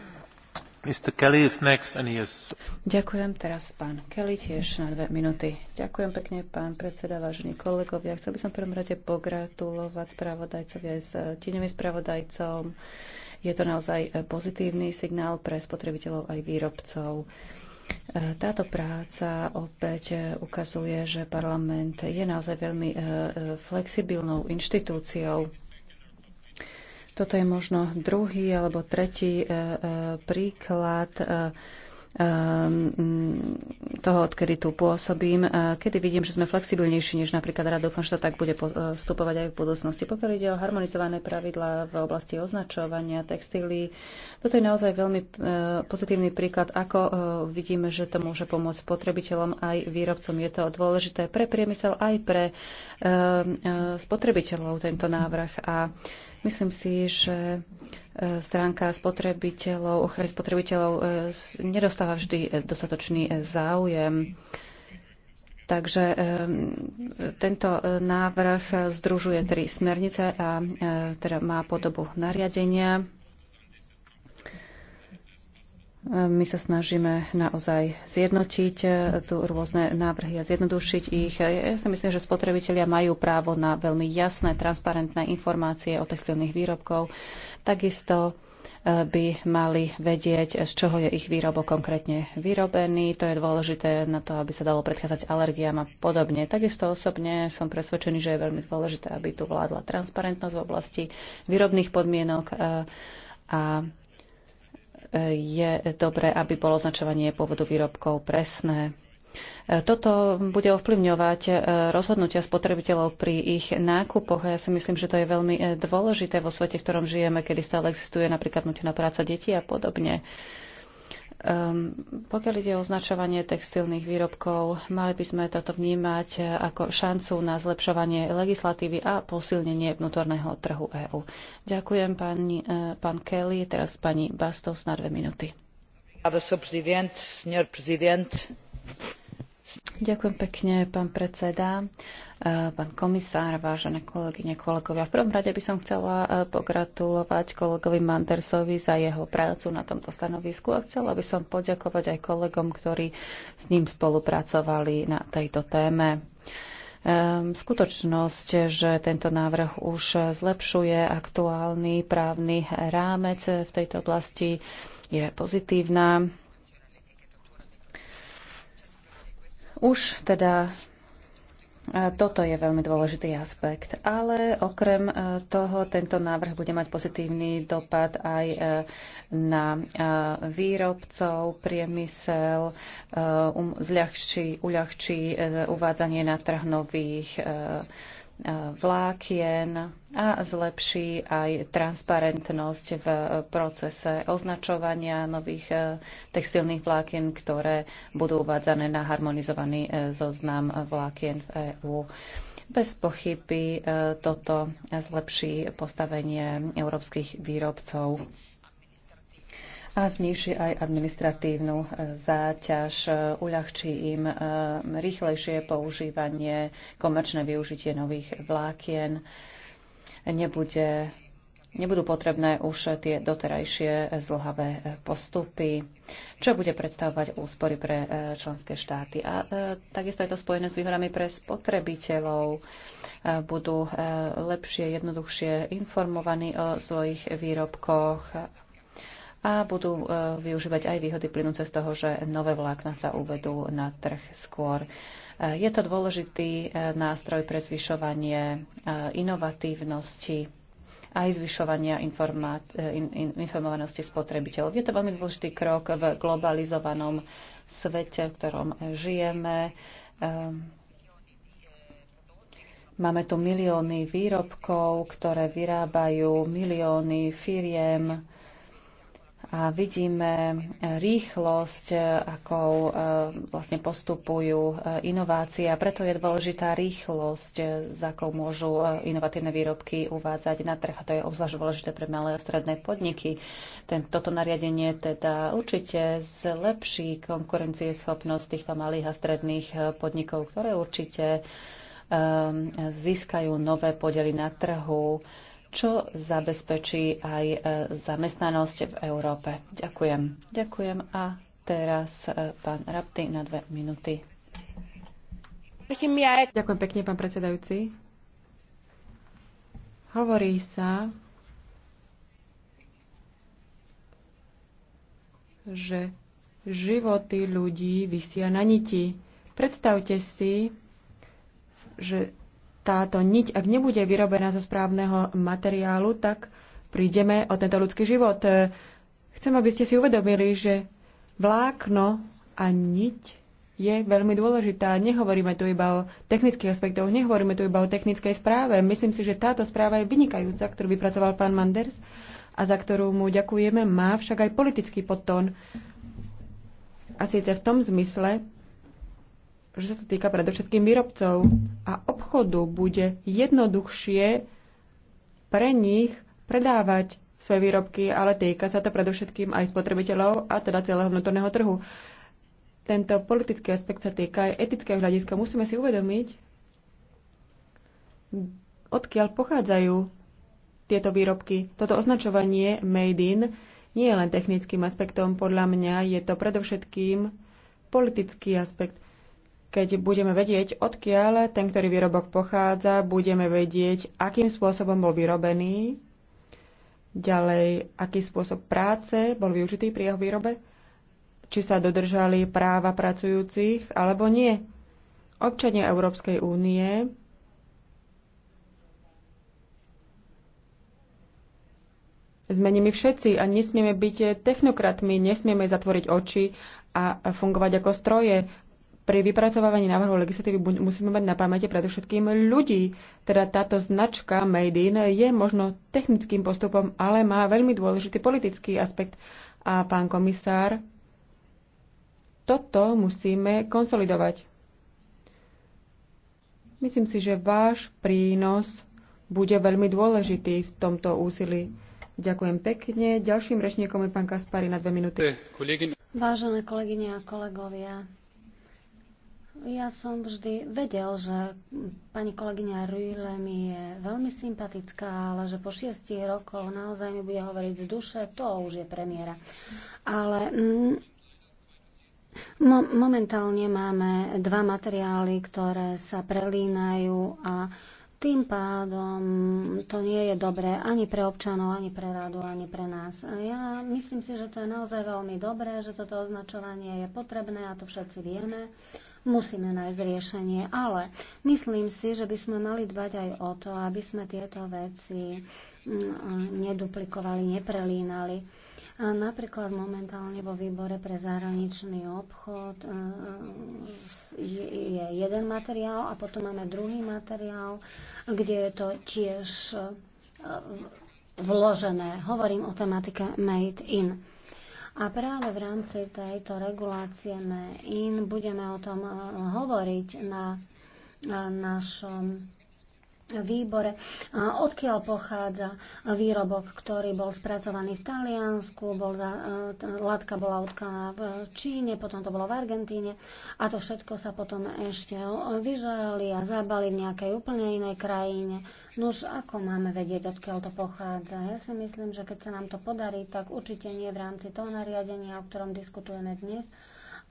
Ďakujem teraz pán Kelly tiež na dve minúty. Ďakujem pekne pán predseda, vážení kolegovia. Chcel by som v prvom rade pogratulovať spravodajcovi aj s eh, tieňovým spravodajcom. Je to naozaj eh, pozitívny signál pre spotrebiteľov aj výrobcov. Eh, táto práca opäť ukazuje, že parlament je naozaj veľmi flexibilnou inštitúciou toto je možno druhý alebo tretí e, e, príklad e, toho, odkedy tu pôsobím, kedy vidím, že sme flexibilnejší než napríklad rada. Dúfam, že to tak bude vstupovať aj v budúcnosti. Pokiaľ ide o harmonizované pravidlá v oblasti označovania textílií, toto je naozaj veľmi pozitívny príklad, ako vidíme, že to môže pomôcť spotrebiteľom aj výrobcom. Je to dôležité pre priemysel aj pre spotrebiteľov tento návrh. A Myslím si, že e, stránka spotrebiteľov, ochrany spotrebiteľov e, nedostáva vždy e, dostatočný záujem. Takže tento návrh združuje tri smernice a teda má podobu nariadenia my sa snažíme naozaj zjednotiť eh, tu rôzne návrhy a zjednodušiť ich. Ja si myslím, že spotrebitelia majú právo na veľmi jasné, transparentné informácie o textilných výrobkov. Takisto eh, by mali vedieť, z čoho je ich výrobok konkrétne vyrobený. To je dôležité na to, aby sa dalo predchádzať alergiám a podobne. Takisto osobne som presvedčený, že je veľmi dôležité, aby tu vládla transparentnosť v oblasti výrobných podmienok eh, a je dobré, aby bolo označovanie pôvodu výrobkov presné. Toto bude ovplyvňovať e, rozhodnutia spotrebiteľov pri ich nákupoch a ja si myslím, že to je veľmi e, dôležité vo svete, v ktorom žijeme, kedy stále existuje napríklad nutená práca detí a podobne. Um, pokiaľ ide o označovanie textilných výrobkov, mali by sme toto vnímať eh, ako šancu na zlepšovanie legislatívy a posilnenie vnútorného trhu EÚ. Ďakujem pani, eh, pán Kelly, teraz pani Bastos na dve minúty. Pán prezident, Ďakujem pekne, pán predseda, e, pán komisár, vážené kolegyne, kolegovia. V prvom rade by som chcela e, pogratulovať kolegovi Mandersovi za jeho prácu na tomto stanovisku a chcela by som poďakovať aj kolegom, ktorí s ním spolupracovali na tejto téme. E, skutočnosť, že tento návrh už zlepšuje aktuálny právny rámec v tejto oblasti, je pozitívna. Už teda e, toto je veľmi dôležitý aspekt. Ale okrem e, toho tento návrh bude mať pozitívny dopad aj e, na výrobcov, priemysel, um, zľahčí, uľahčí uvádzanie na trh nových vlákien a zlepší aj transparentnosť v e, procese označovania nových e, textilných vlákien, ktoré budú uvádzané na harmonizovaný e, zoznam vlákien v EÚ. Bez pochyby toto zlepší postavenie európskych výrobcov a zniží aj administratívnu e, záťaž, e, uľahčí im e, rýchlejšie používanie, komerčné využitie nových vlákien. Nebude, nebudú potrebné už tie doterajšie zlohavé postupy, čo bude predstavovať úspory pre členské štáty. A takisto je to spojené s výhodami pre spotrebiteľov. Budú lepšie, jednoduchšie informovaní o svojich výrobkoch a budú e, využívať aj výhody plynúce z toho, že nové vlákna sa uvedú na trh skôr. E, je to dôležitý e, nástroj pre zvyšovanie inovatívnosti aj zvyšovania informovanosti spotrebiteľov. Je to veľmi dôležitý krok v globalizovanom svete, v ktorom žijeme. Máme tu milióny výrobkov, ktoré vyrábajú milióny firiem a vidíme e, rýchlosť, e, akou e, vlastne postupujú inovácie a preto je dôležitá rýchlosť, za akou môžu inovatívne výrobky uvádzať na trh. A to je obzvlášť dôležité pre malé a stredné podniky. Ten, toto nariadenie teda určite zlepší konkurencieschopnosť týchto malých a stredných podnikov, ktoré určite získajú nové podely na trhu čo zabezpečí aj e, zamestnanosť v Európe. Ďakujem. Ďakujem a teraz e, pán Rapty na dve minúty. Ďakujem pekne, pán predsedajúci. Hovorí sa, že životy ľudí vysia na niti. Predstavte si, že táto niť, ak nebude vyrobená zo správneho materiálu, tak prídeme o tento ľudský život. Chcem, aby ste si uvedomili, že vlákno a niť je veľmi dôležitá. Nehovoríme tu iba o technických aspektoch, nehovoríme tu iba o technickej správe. Myslím si, že táto správa je vynikajúca, ktorú vypracoval pán Manders a za ktorú mu ďakujeme, má však aj politický podtón. A síce v tom zmysle, že sa to týka predovšetkým výrobcov a obchodu bude jednoduchšie pre nich predávať svoje výrobky, ale týka sa to predovšetkým aj spotrebiteľov a teda celého vnútorného trhu. Tento politický aspekt sa týka aj etického hľadiska. Musíme si uvedomiť, odkiaľ pochádzajú tieto výrobky. Toto označovanie made in nie je len technickým aspektom, podľa mňa je to predovšetkým politický aspekt. Keď budeme vedieť, odkiaľ ten, ktorý výrobok pochádza, budeme vedieť, akým spôsobom bol vyrobený, ďalej, aký spôsob práce bol využitý pri jeho výrobe, či sa dodržali práva pracujúcich alebo nie. Občania Európskej únie Zmeníme všetci a nesmieme byť technokratmi, nesmieme zatvoriť oči a fungovať ako stroje pri vypracovávaní návrhu legislatívy musíme mať na pamäti predovšetkým ľudí. Teda táto značka Made in je možno technickým postupom, ale má veľmi dôležitý politický aspekt. A pán komisár, toto musíme konsolidovať. Myslím si, že váš prínos bude veľmi dôležitý v tomto úsilí. Ďakujem pekne. Ďalším rečníkom je pán Kaspari na dve minúty. Vážené kolegyne a kolegovia, ja som vždy vedel, že pani kolegyňa Rüle mi je veľmi sympatická, ale že po šiestich rokoch naozaj mi bude hovoriť z duše, to už je premiéra. Ale mm, mo- momentálne máme dva materiály, ktoré sa prelínajú a tým pádom to nie je dobré ani pre občanov, ani pre rádu, ani pre nás. A ja myslím si, že to je naozaj veľmi dobré, že toto označovanie je potrebné a to všetci vieme musíme nájsť riešenie. Ale myslím si, že by sme mali dbať aj o to, aby sme tieto veci mm, neduplikovali, neprelínali. napríklad momentálne vo výbore pre zahraničný obchod e, e, je jeden materiál a potom máme druhý materiál, kde je to tiež e, vložené. Hovorím o tematike Made in. A práve v rámci tejto regulácie in budeme o tom eh, hovoriť na eh, našom výbore, odkiaľ pochádza výrobok, ktorý bol spracovaný v Taliansku, bol za, e, látka bola utkaná v Číne, potom to bolo v Argentíne a to všetko sa potom ešte vyžali a zabali v nejakej úplne inej krajine. Nuž, ako máme vedieť, odkiaľ to pochádza? Ja si myslím, že keď sa nám to podarí, tak určite nie v rámci toho nariadenia, o ktorom diskutujeme dnes,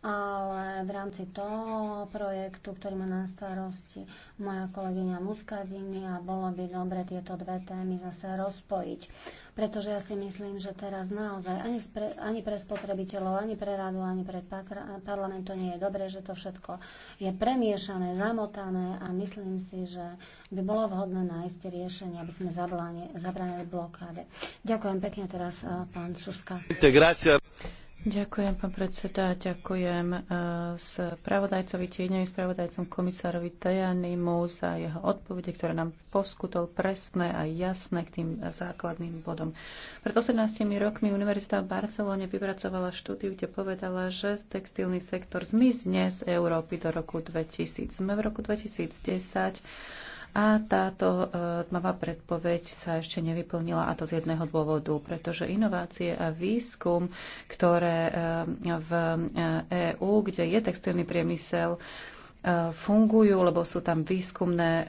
ale v rámci toho projektu, ktorý má na starosti moja kolegyňa Muscadini a bolo by dobre tieto dve témy zase rozpojiť. Pretože ja si myslím, že teraz naozaj ani, pre, ani pre spotrebiteľov, ani pre radu, ani pre parlament to nie je dobré, že to všetko je premiešané, zamotané a myslím si, že by bolo vhodné nájsť riešenie, aby sme zabránili blokáde. Ďakujem pekne teraz, eh, pán Suska. Integrácia. Ďakujem, pán predseda. Ďakujem eh, spravodajcovi Tieňovi, spravodajcom komisárovi Tajanimu za jeho odpovede, ktoré nám poskutol presné a jasné k tým základným bodom. Pred 18 rokmi Univerzita v Barcelone vypracovala štúdiu, kde povedala, že textilný sektor zmizne z Európy do roku 2000. Sme v roku 2010 a táto e, tmavá predpoveď sa ešte nevyplnila a to z jedného dôvodu, pretože inovácie a výskum, ktoré e, v EÚ, e kde je textilný priemysel, fungujú, lebo sú tam výskumné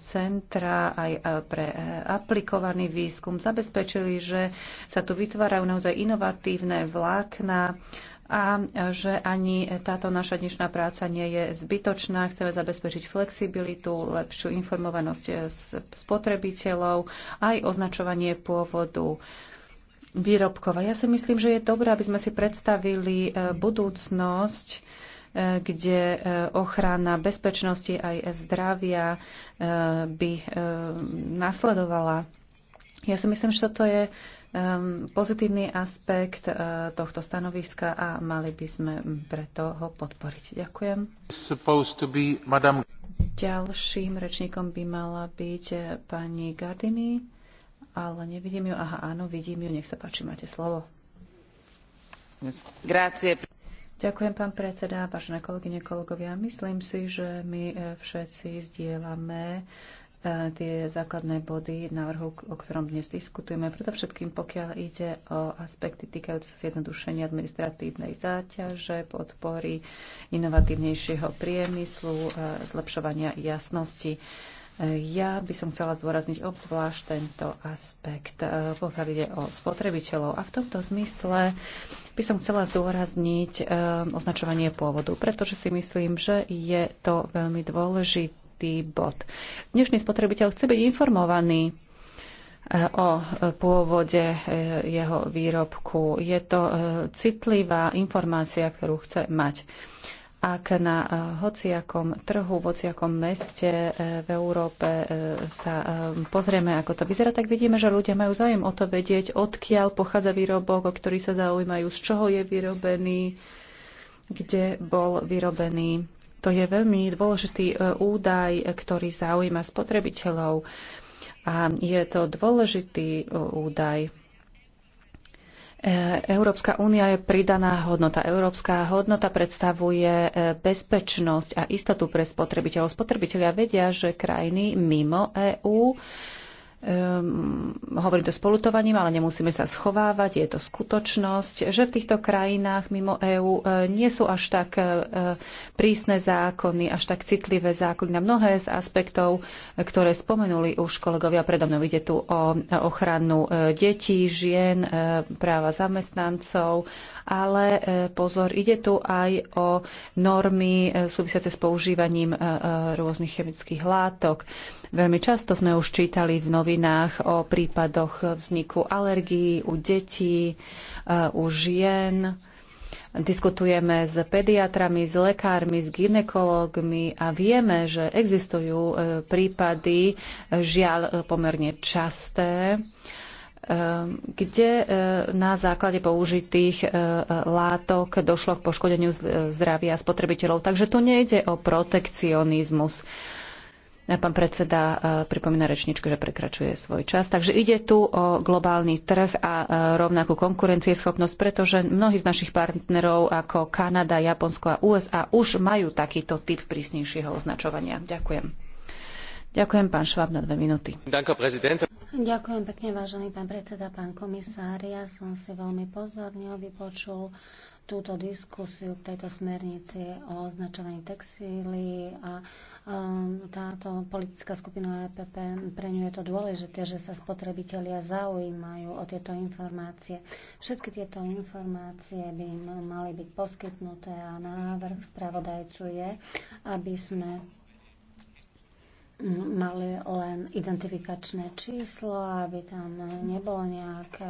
centra aj pre aplikovaný výskum, zabezpečili, že sa tu vytvárajú naozaj inovatívne vlákna, a že ani táto naša dnešná práca nie je zbytočná. Chceme zabezpečiť flexibilitu, lepšiu informovanosť spotrebiteľov, aj označovanie pôvodu výrobkov. A ja si myslím, že je dobré, aby sme si predstavili e, budúcnosť, e, kde e, ochrana bezpečnosti aj zdravia by nasledovala. Ja si myslím, že toto je Ehm, pozitívny aspekt eh, tohto stanoviska a mali by sme preto ho podporiť. Ďakujem. Ďalším rečníkom by mala byť eh, pani Gardini, ale nevidím ju. Aha, áno, vidím ju. Nech sa páči, máte slovo. Grazie. Ďakujem, pán predseda, vážené kolegyne, kolegovia. Myslím si, že my eh, všetci zdieľame E, tie základné body návrhu, o ktorom dnes diskutujeme. Predovšetkým, pokiaľ ide o aspekty týkajúce sa zjednodušenia administratívnej záťaže, podpory inovatívnejšieho priemyslu, e, zlepšovania jasnosti. E, ja by som chcela zdôrazniť obzvlášť tento aspekt, pokiaľ ide o spotrebiteľov. A v tomto zmysle by som chcela zdôrazniť označovanie pôvodu, pretože si myslím, že je to veľmi dôležité piatý bod. Dnešný spotrebiteľ chce byť informovaný e, o pôvode e, jeho výrobku. Je to e, citlivá informácia, ktorú chce mať. Ak na hociakom trhu, v hociakom meste v Európe sa pozrieme, ako to vyzerá, tak vidíme, že ľudia majú záujem o to vedieť, odkiaľ pochádza výrobok, o ktorý sa zaujímajú, z čoho je vyrobený, kde bol vyrobený to je veľmi dôležitý e, údaj, e, ktorý zaujíma spotrebiteľov a je to dôležitý e, údaj. Európska únia je pridaná hodnota. Európska hodnota predstavuje bezpečnosť a istotu pre spotrebiteľov. Spotrebitelia vedia, že krajiny mimo EÚ Um, ehm, hovorí to spolutovaním, ale nemusíme sa schovávať. Je to skutočnosť, že v týchto krajinách mimo EÚ e, nie sú až tak e, e, prísne zákony, až tak citlivé zákony na mnohé z aspektov, ktoré spomenuli už kolegovia predo mnou. Ide tu o ochranu detí, žien, práva zamestnancov, ale e, pozor, ide tu aj o normy e, súvisiace s používaním e, rôznych chemických látok. Veľmi často sme už čítali v novinách o prípadoch vzniku alergií u detí, u žien. Diskutujeme s pediatrami, s lekármi, s ginekologmi a vieme, že existujú prípady, žiaľ pomerne časté, Ehm, kde e, na základe použitých e, látok došlo k poškodeniu e, zdravia spotrebiteľov. Takže tu nejde o protekcionizmus. Pán predseda pripomína rečničku, že prekračuje svoj čas. Takže ide tu o globálny trh a rovnakú konkurencieschopnosť, pretože mnohí z našich partnerov ako Kanada, Japonsko a USA už majú takýto typ prísnejšieho označovania. Ďakujem. Ďakujem, pán Šváb, na dve minúty. Ďakujem pekne, vážený pán predseda, pán komisár. Ja som si veľmi pozorne vypočul túto diskusiu k tejto smernici o označovaní textílií a um, táto politická skupina EPP, pre ňu je to dôležité, že sa spotrebitelia zaujímajú o tieto informácie. Všetky tieto informácie by im mali byť poskytnuté a návrh spravodajcu je, aby sme mali len identifikačné číslo, aby tam nebolo nejaké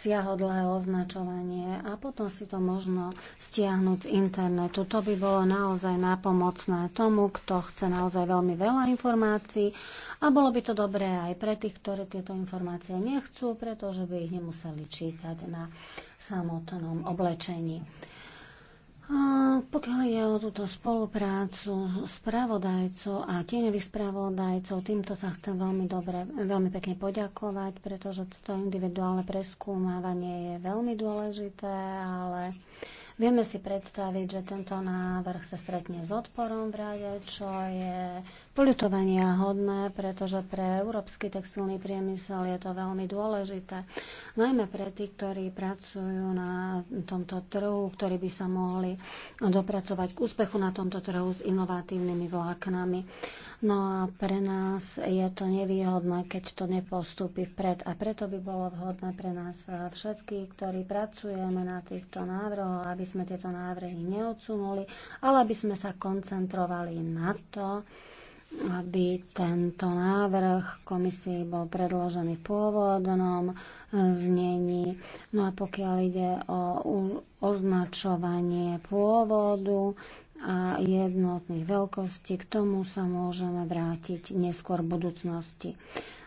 siahodlé označovanie a potom si to možno stiahnuť z internetu. To by bolo naozaj nápomocné tomu, kto chce naozaj veľmi veľa informácií a bolo by to dobré aj pre tých, ktorí tieto informácie nechcú, pretože by ich nemuseli čítať na samotnom oblečení. Pokiaľ ide o túto spoluprácu spravodajcov a tieňových spravodajcov, týmto sa chcem veľmi, dobre, veľmi pekne poďakovať, pretože toto individuálne preskúmávanie je veľmi dôležité, ale vieme si predstaviť, že tento návrh sa stretne s odporom v rade, čo je poľutovania hodné, pretože pre európsky textilný priemysel je to veľmi dôležité. Najmä pre tých, ktorí pracujú na tomto trhu, ktorí by sa mohli dopracovať k úspechu na tomto trhu s inovatívnymi vláknami. No a pre nás je to nevýhodné, keď to nepostúpi vpred. A preto by bolo vhodné pre nás všetkých, ktorí pracujeme na týchto návrhoch, aby sme tieto návrhy neodsunuli, ale aby sme sa koncentrovali na to, aby tento návrh komisie bol predložený v pôvodnom e, znení. No a pokiaľ ide o označovanie pôvodu a jednotných veľkostí, k tomu sa môžeme vrátiť neskôr v budúcnosti.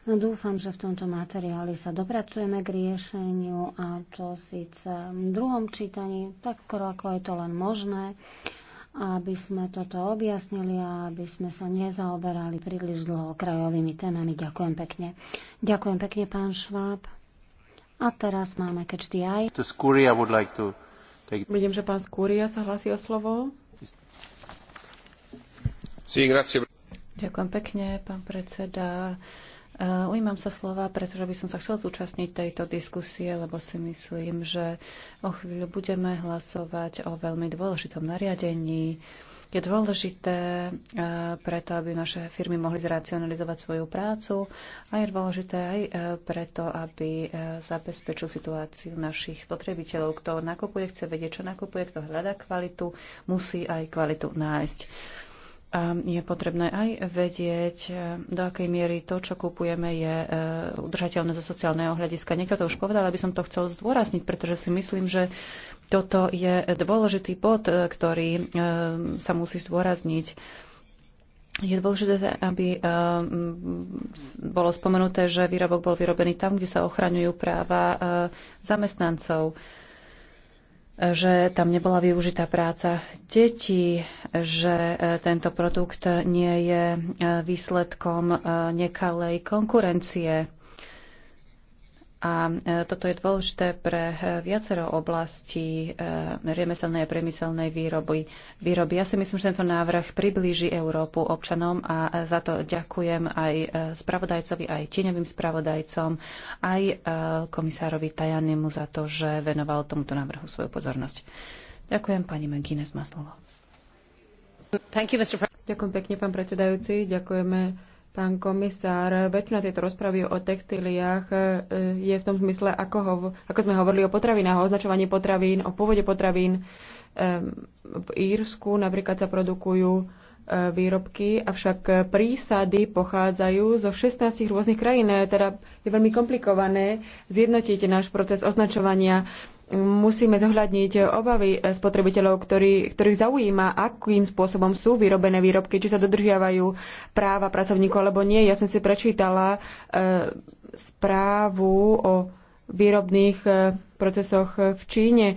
No, dúfam, že v tomto materiáli sa dopracujeme k riešeniu a to síce v druhom čítaní, tak ako je to len možné aby sme toto objasnili a aby sme sa nezaoberali príliš dlho krajovými témami. Ďakujem pekne. Ďakujem pekne, pán Šváb. A teraz máme kečty aj. Vidím, že pán Skúria sa hlasí o slovo. Ďakujem pekne, pán predseda. Ujímam sa slova, pretože by som sa chcel zúčastniť tejto diskusie, lebo si myslím, že o chvíľu budeme hlasovať o veľmi dôležitom nariadení. Je dôležité e, preto, aby naše firmy mohli zracionalizovať svoju prácu a je dôležité aj e, preto, aby e, zabezpečil situáciu našich spotrebiteľov. Kto nakupuje, chce vedieť, čo nakupuje, kto hľada kvalitu, musí aj kvalitu nájsť. A je potrebné aj vedieť, e, do akej miery to, čo kupujeme, je e, udržateľné zo sociálneho hľadiska. Niekto to už povedal, aby som to chcel zdôrazniť, pretože si myslím, že toto je dôležitý bod, e, ktorý sa musí zdôrazniť. Je dôležité, aby bolo spomenuté, že výrobok bol vyrobený tam, kde sa ochraňujú práva zamestnancov že tam nebola využitá práca detí, že e, tento produkt nie je e, výsledkom e, nekalej konkurencie. A e, toto je dôležité pre e, viacero oblastí e, riemeselnej a priemyselnej výroby. výroby. Ja si myslím, že tento návrh priblíži Európu občanom a za to ďakujem aj spravodajcovi, aj tieňovým spravodajcom, aj komisárovi Tajanemu za to, že venoval tomuto návrhu svoju pozornosť. Ďakujem pani Megines Maslovo. Ďakujem pekne, pán predsedajúci. Ďakujeme Pán komisár, väčšina tejto rozpravy o textíliách e, je v tom zmysle, ako, ho, ako sme hovorili o potravinách, o označovaní potravín, o pôvode potravín. V Írsku napríklad sa produkujú e, výrobky, avšak prísady pochádzajú zo 16 rôznych krajín, e, teda je veľmi komplikované zjednotiť náš proces označovania musíme zohľadniť obavy spotrebiteľov, ktorý, ktorých zaujíma, akým spôsobom sú vyrobené výrobky, či sa dodržiavajú práva pracovníkov alebo nie. Ja som si prečítala e, správu o výrobných e, procesoch v Číne.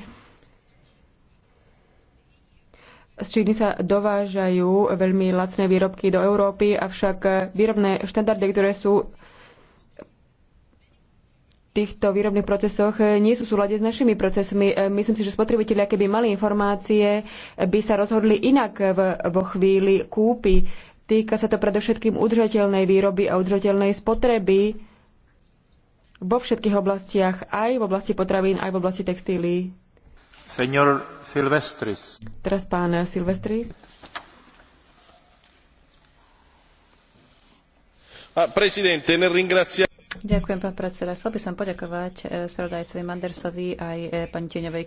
Z Číny sa dovážajú veľmi lacné výrobky do Európy, avšak e, výrobné štandardy, ktoré sú týchto výrobných procesoch eh, nie sú v súlade s našimi procesmi. Eh, myslím si, že spotrebitelia, keby mali informácie, by sa rozhodli inak v, vo chvíli kúpy. Týka sa to predovšetkým udržateľnej výroby a udržateľnej spotreby vo všetkých oblastiach, aj v oblasti potravín, aj v oblasti textílií. Silvestris. Teraz pán Silvestris. Ah, presidente, nel ringraziare Ďakujem, pán predseda. Chcel by som poďakovať e, spravodajcovi Mandersovi aj e, pani tieňovej,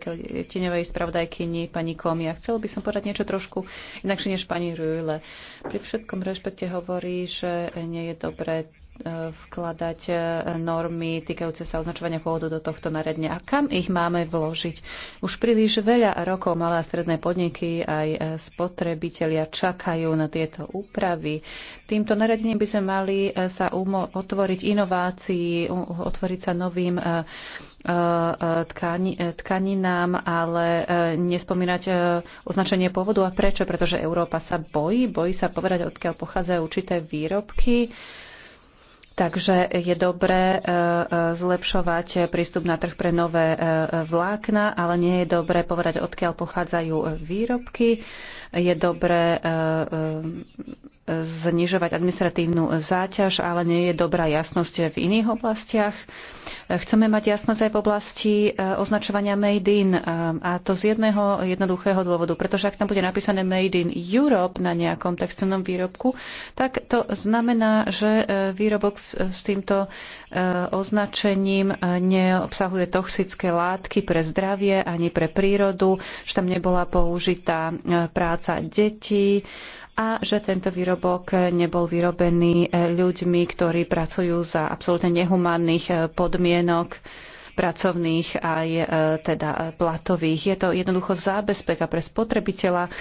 tieňovej spravodajkyni, pani Komi. A chcel by som povedať niečo trošku inakšie než pani Rujle. Pri všetkom rešpekte hovorí, že nie je dobré vkladať e, normy týkajúce sa označovania pôvodu do tohto nariadenia. A kam ich máme vložiť? Už príliš veľa rokov malé a stredné podniky aj e, spotrebitelia čakajú na tieto úpravy. Týmto nariadením by sme mali e, sa otvoriť inovácii, otvoriť sa novým tkani, tkaninám, ale nespomínať označenie pôvodu. A prečo? Pretože Európa sa bojí, bojí sa povedať, odkiaľ pochádzajú určité výrobky. Takže je dobré e, e, zlepšovať prístup na trh pre nové e, vlákna, ale nie je dobré povedať, odkiaľ pochádzajú výrobky. Je dobré znižovať administratívnu záťaž, ale nie je dobrá jasnosť v iných oblastiach. Chceme mať jasnosť aj v oblasti eh, označovania Made in eh, a to z jedného jednoduchého dôvodu, pretože ak tam bude napísané Made in Europe na nejakom textilnom výrobku, tak to znamená, že eh, výrobok s týmto označením neobsahuje toxické látky pre zdravie ani pre prírodu, že tam nebola použitá práca detí, a že tento výrobok nebol vyrobený eh, ľuďmi, ktorí pracujú za absolútne nehumánnych eh, podmienok pracovných aj eh, teda platových. Je to jednoducho zábezpeka pre spotrebiteľa,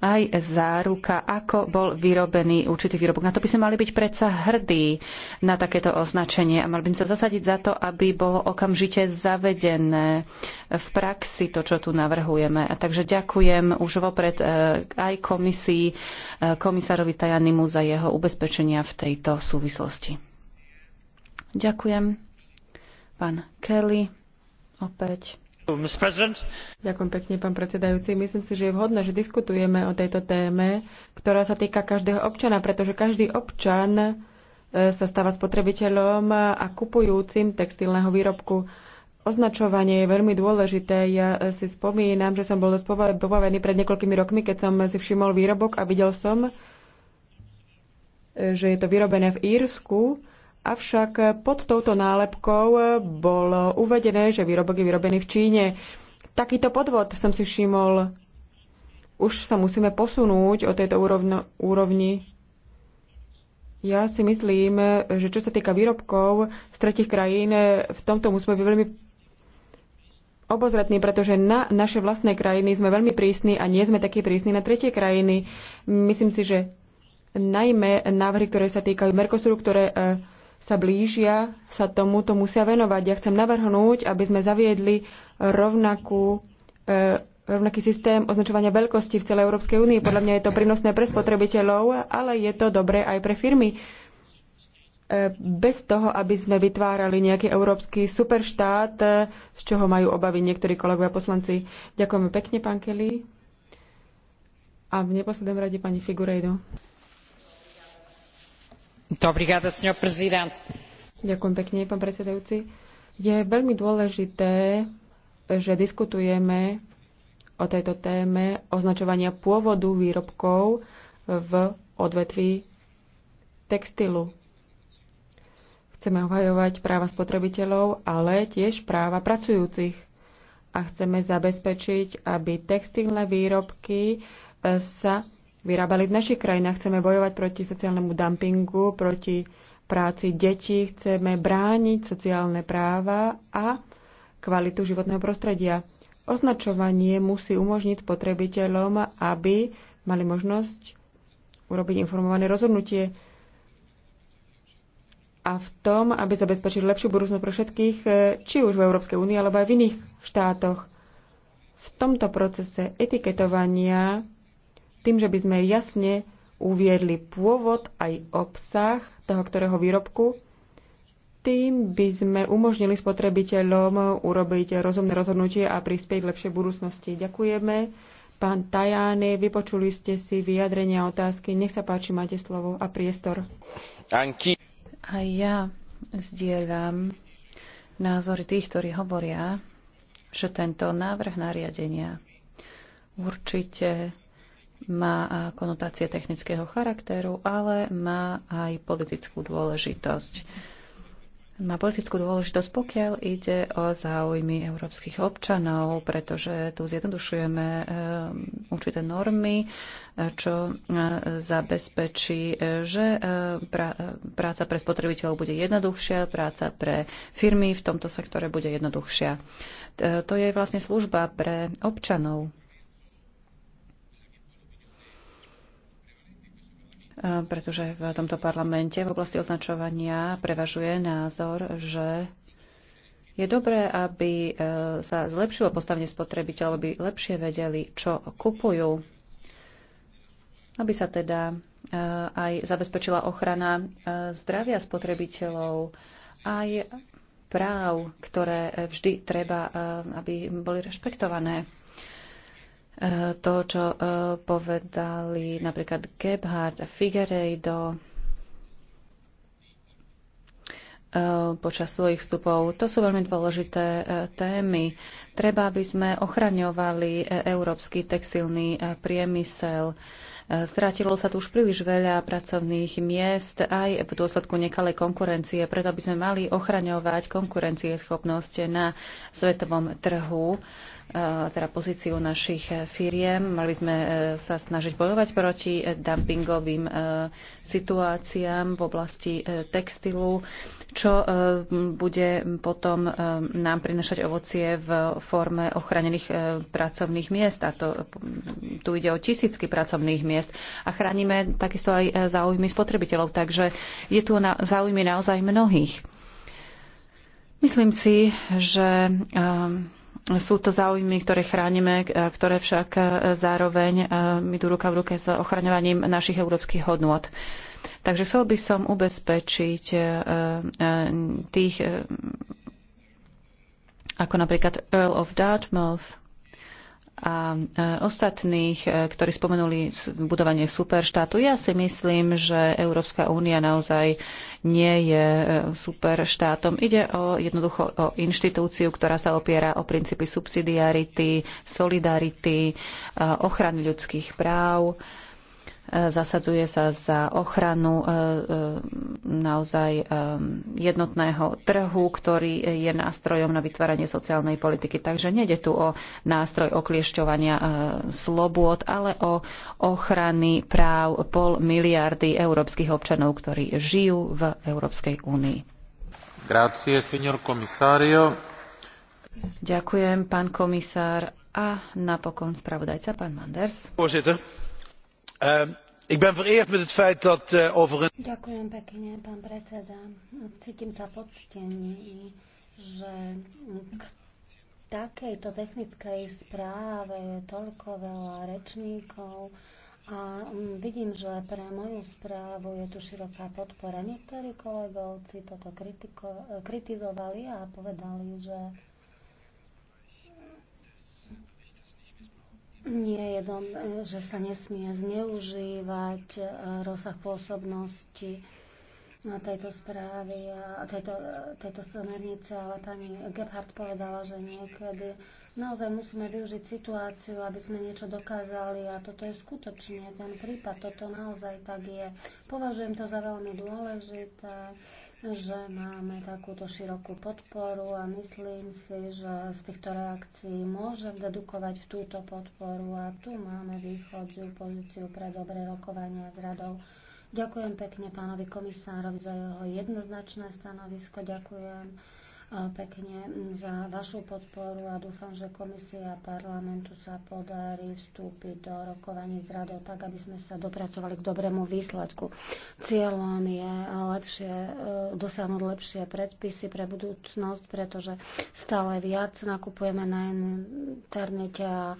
aj záruka, ako bol vyrobený určitý výrobok. Na to by sme mali byť predsa hrdí na takéto označenie a mali by sa zasadiť za to, aby bolo okamžite zavedené v praxi to, čo tu navrhujeme. A takže ďakujem už vopred e, aj komisii, e, komisárovi Tajanimu za jeho ubezpečenia v tejto súvislosti. Ďakujem. Pán Kelly, opäť. Ďakujem pekne, pán predsedajúci. Myslím si, že je vhodné, že diskutujeme o tejto téme, ktorá sa týka každého občana, pretože každý občan e, sa stáva spotrebiteľom a kupujúcim textilného výrobku. Označovanie je veľmi dôležité. Ja e, si spomínam, že som bol dosť pobavený pred niekoľkými rokmi, keď som si všimol výrobok a videl som, e, že je to vyrobené v Írsku Avšak pod touto nálepkou bolo uvedené, že výrobok je vyrobený v Číne. Takýto podvod som si všimol. Už sa musíme posunúť o tejto úrovno, úrovni. Ja si myslím, že čo sa týka výrobkov z tretich krajín, v tomto musíme byť veľmi obozretní, pretože na naše vlastné krajiny sme veľmi prísni a nie sme takí prísni na tretie krajiny. Myslím si, že najmä návrhy, ktoré sa týkajú Mercosuru, ktoré eh, sa blížia, sa tomuto musia venovať. Ja chcem navrhnúť, aby sme zaviedli rovnakú, e, rovnaký systém označovania veľkosti v celej Európskej únii. Podľa mňa je to prínosné pre spotrebiteľov, ale je to dobré aj pre firmy. E, bez toho, aby sme vytvárali nejaký európsky superštát, e, z čoho majú obavy niektorí kolegovia poslanci. Ďakujeme pekne, pán Kelly. A v neposlednom rade pani Figurejdu. Ďakujem pekne, pán predsedajúci. Je veľmi dôležité, že diskutujeme o tejto téme označovania pôvodu výrobkov v odvetví textilu. Chceme obhajovať práva spotrebiteľov, ale tiež práva pracujúcich. A chceme zabezpečiť, aby textilné výrobky sa vyrábali v našich krajinách. Chceme bojovať proti sociálnemu dumpingu, proti práci detí, chceme brániť sociálne práva a kvalitu životného prostredia. Označovanie musí umožniť spotrebiteľom, aby mali možnosť urobiť informované rozhodnutie a v tom, aby zabezpečili lepšiu budúcnosť pre všetkých, e, či už v Európskej únii alebo aj v iných štátoch. V tomto procese etiketovania tým, že by sme jasne uviedli pôvod aj obsah toho ktorého výrobku, tým by sme umožnili spotrebiteľom urobiť rozumné rozhodnutie a prispieť lepšej budúcnosti. Ďakujeme. Pán Tajány, vypočuli ste si vyjadrenia a otázky. Nech sa páči, máte slovo a priestor. Anky. A ja zdieľam názory tých, ktorí hovoria, že tento návrh nariadenia určite má konotácie technického charakteru, ale má aj politickú dôležitosť. Má politickú dôležitosť, pokiaľ ide o záujmy európskych občanov, pretože tu zjednodušujeme eh, určité normy, eh, čo eh, zabezpečí, že práca pre spotrebiteľov bude jednoduchšia, práca pre firmy v tomto sektore bude jednoduchšia. To je vlastne služba pre občanov pretože v tomto parlamente v oblasti označovania prevažuje názor, že je dobré, aby e, sa zlepšilo postavenie spotrebiteľov, aby lepšie vedeli, čo kupujú, aby sa teda e, aj zabezpečila ochrana e, zdravia spotrebiteľov, aj práv, ktoré vždy treba, aby boli rešpektované to, čo e, povedali napríklad Gebhardt a Figueiredo e, počas svojich vstupov. To sú veľmi dôležité e, témy. Treba, aby sme ochraňovali európsky textilný priemysel. Strátilo sa tu už príliš veľa pracovných miest aj v dôsledku nekalej konkurencie, preto by sme mali ochraňovať konkurencieschopnosť na svetovom trhu Eh, teda pozíciu našich eh, firiem. Mali sme eh, sa snažiť bojovať proti dumpingovým situáciám v oblasti textilu, čo bude potom nám prinašať ovocie v forme ochranených pracovných miest. A to, mm, tu ide o tisícky pracovných miest. A chránime takisto aj záujmy spotrebiteľov. Takže je tu na, záujmy naozaj mnohých. Myslím si, že sú to záujmy, ktoré chránime, ktoré však e, zároveň e, idú ruka v ruke s ochraňovaním našich európskych hodnôt. Takže chcel by som ubezpečiť e, tých, ako napríklad Earl of Dartmouth, a e, ostatných, e, ktorí spomenuli budovanie superštátu. Ja si myslím, že Európska únia naozaj nie je e, superštátom. Ide o jednoducho o inštitúciu, ktorá sa opiera o princípy subsidiarity, solidarity, ochrany ľudských práv zasadzuje sa za ochranu e, e, naozaj e, jednotného trhu, ktorý je nástrojom na vytváranie sociálnej politiky. Takže nejde tu o nástroj okliešťovania slobôd, ale o ochrany práv pol miliardy európskych občanov, ktorí žijú v Európskej únii. Grazie, signor komisario. Ďakujem, pán komisár. A napokon spravodajca, pán Manders. Ehm, ik ben vereerd met het feit dat eh, over een... Ďakujem pekne, pán predseda. Cítim sa poctený, že k takejto technickej správe je toľko veľa rečníkov a mm, vidím, že pre moju správu je tu široká podpora. Niektorí kolegovci toto kritiko, kritizovali a povedali, že Nie je dom, e, že sa nesmie zneužívať e, rozsah pôsobnosti tejto správy a tejto, e, tejto smernice, ale pani Gebhardt povedala, že niekedy naozaj musíme využiť situáciu, aby sme niečo dokázali a toto je skutočne ten prípad, toto naozaj tak je. Považujem to za veľmi dôležité že máme takúto širokú podporu a myslím si, že z týchto reakcií môžem dedukovať v túto podporu a tu máme východziu pozíciu pre dobré rokovania s radou. Ďakujem pekne pánovi komisárovi za jeho jednoznačné stanovisko. Ďakujem pekne za vašu podporu a dúfam, že komisia parlamentu sa podarí vstúpiť do rokovaní s radou tak, aby sme sa dopracovali k dobrému výsledku. Cieľom je lepšie, e, dosiahnuť lepšie predpisy pre budúcnosť, pretože stále viac nakupujeme na internete a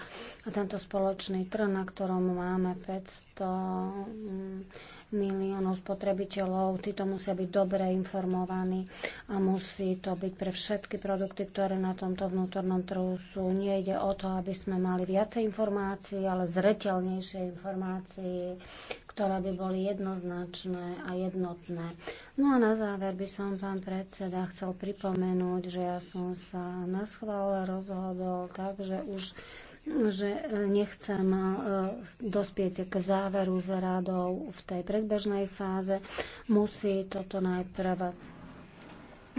tento spoločný trh, na ktorom máme 500 miliónov spotrebiteľov. Títo musia byť dobre informovaní a musí to byť pre všetky produkty, ktoré na tomto vnútornom trhu sú. Nie ide o to, aby sme mali viacej informácií, ale zreteľnejšie informácií, ktoré by boli jednoznačné a jednotné. No a na záver by som, pán predseda, chcel pripomenúť, že ja som sa na schvále rozhodol tak, že už že e, nechcem e, dospieť k záveru s radou v tej predbežnej fáze. Musí toto najprv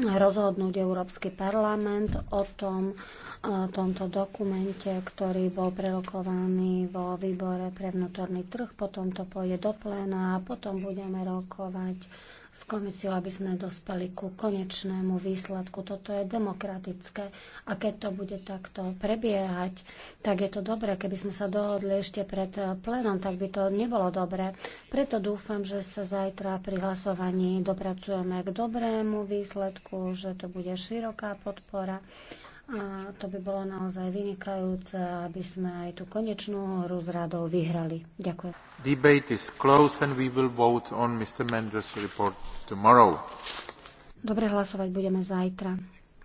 rozhodnúť Európsky parlament o tom, o e, tomto dokumente, ktorý bol prerokovaný vo výbore pre vnútorný trh. Potom to pôjde do pléna a potom budeme rokovať s komisiou, aby sme dospeli ku konečnému výsledku. Toto je demokratické a keď to bude takto prebiehať, tak je to dobré. Keby sme sa dohodli ešte pred eh, plenom, tak by to nebolo dobré. Preto dúfam, že sa zajtra pri hlasovaní dopracujeme k dobrému výsledku, že to bude široká podpora a to by bolo naozaj vynikajúce, aby sme aj tú konečnú hru s radou vyhrali. Ďakujem. Debate is closed and we will vote on Mr. Mendes report tomorrow. Dobre hlasovať budeme zajtra.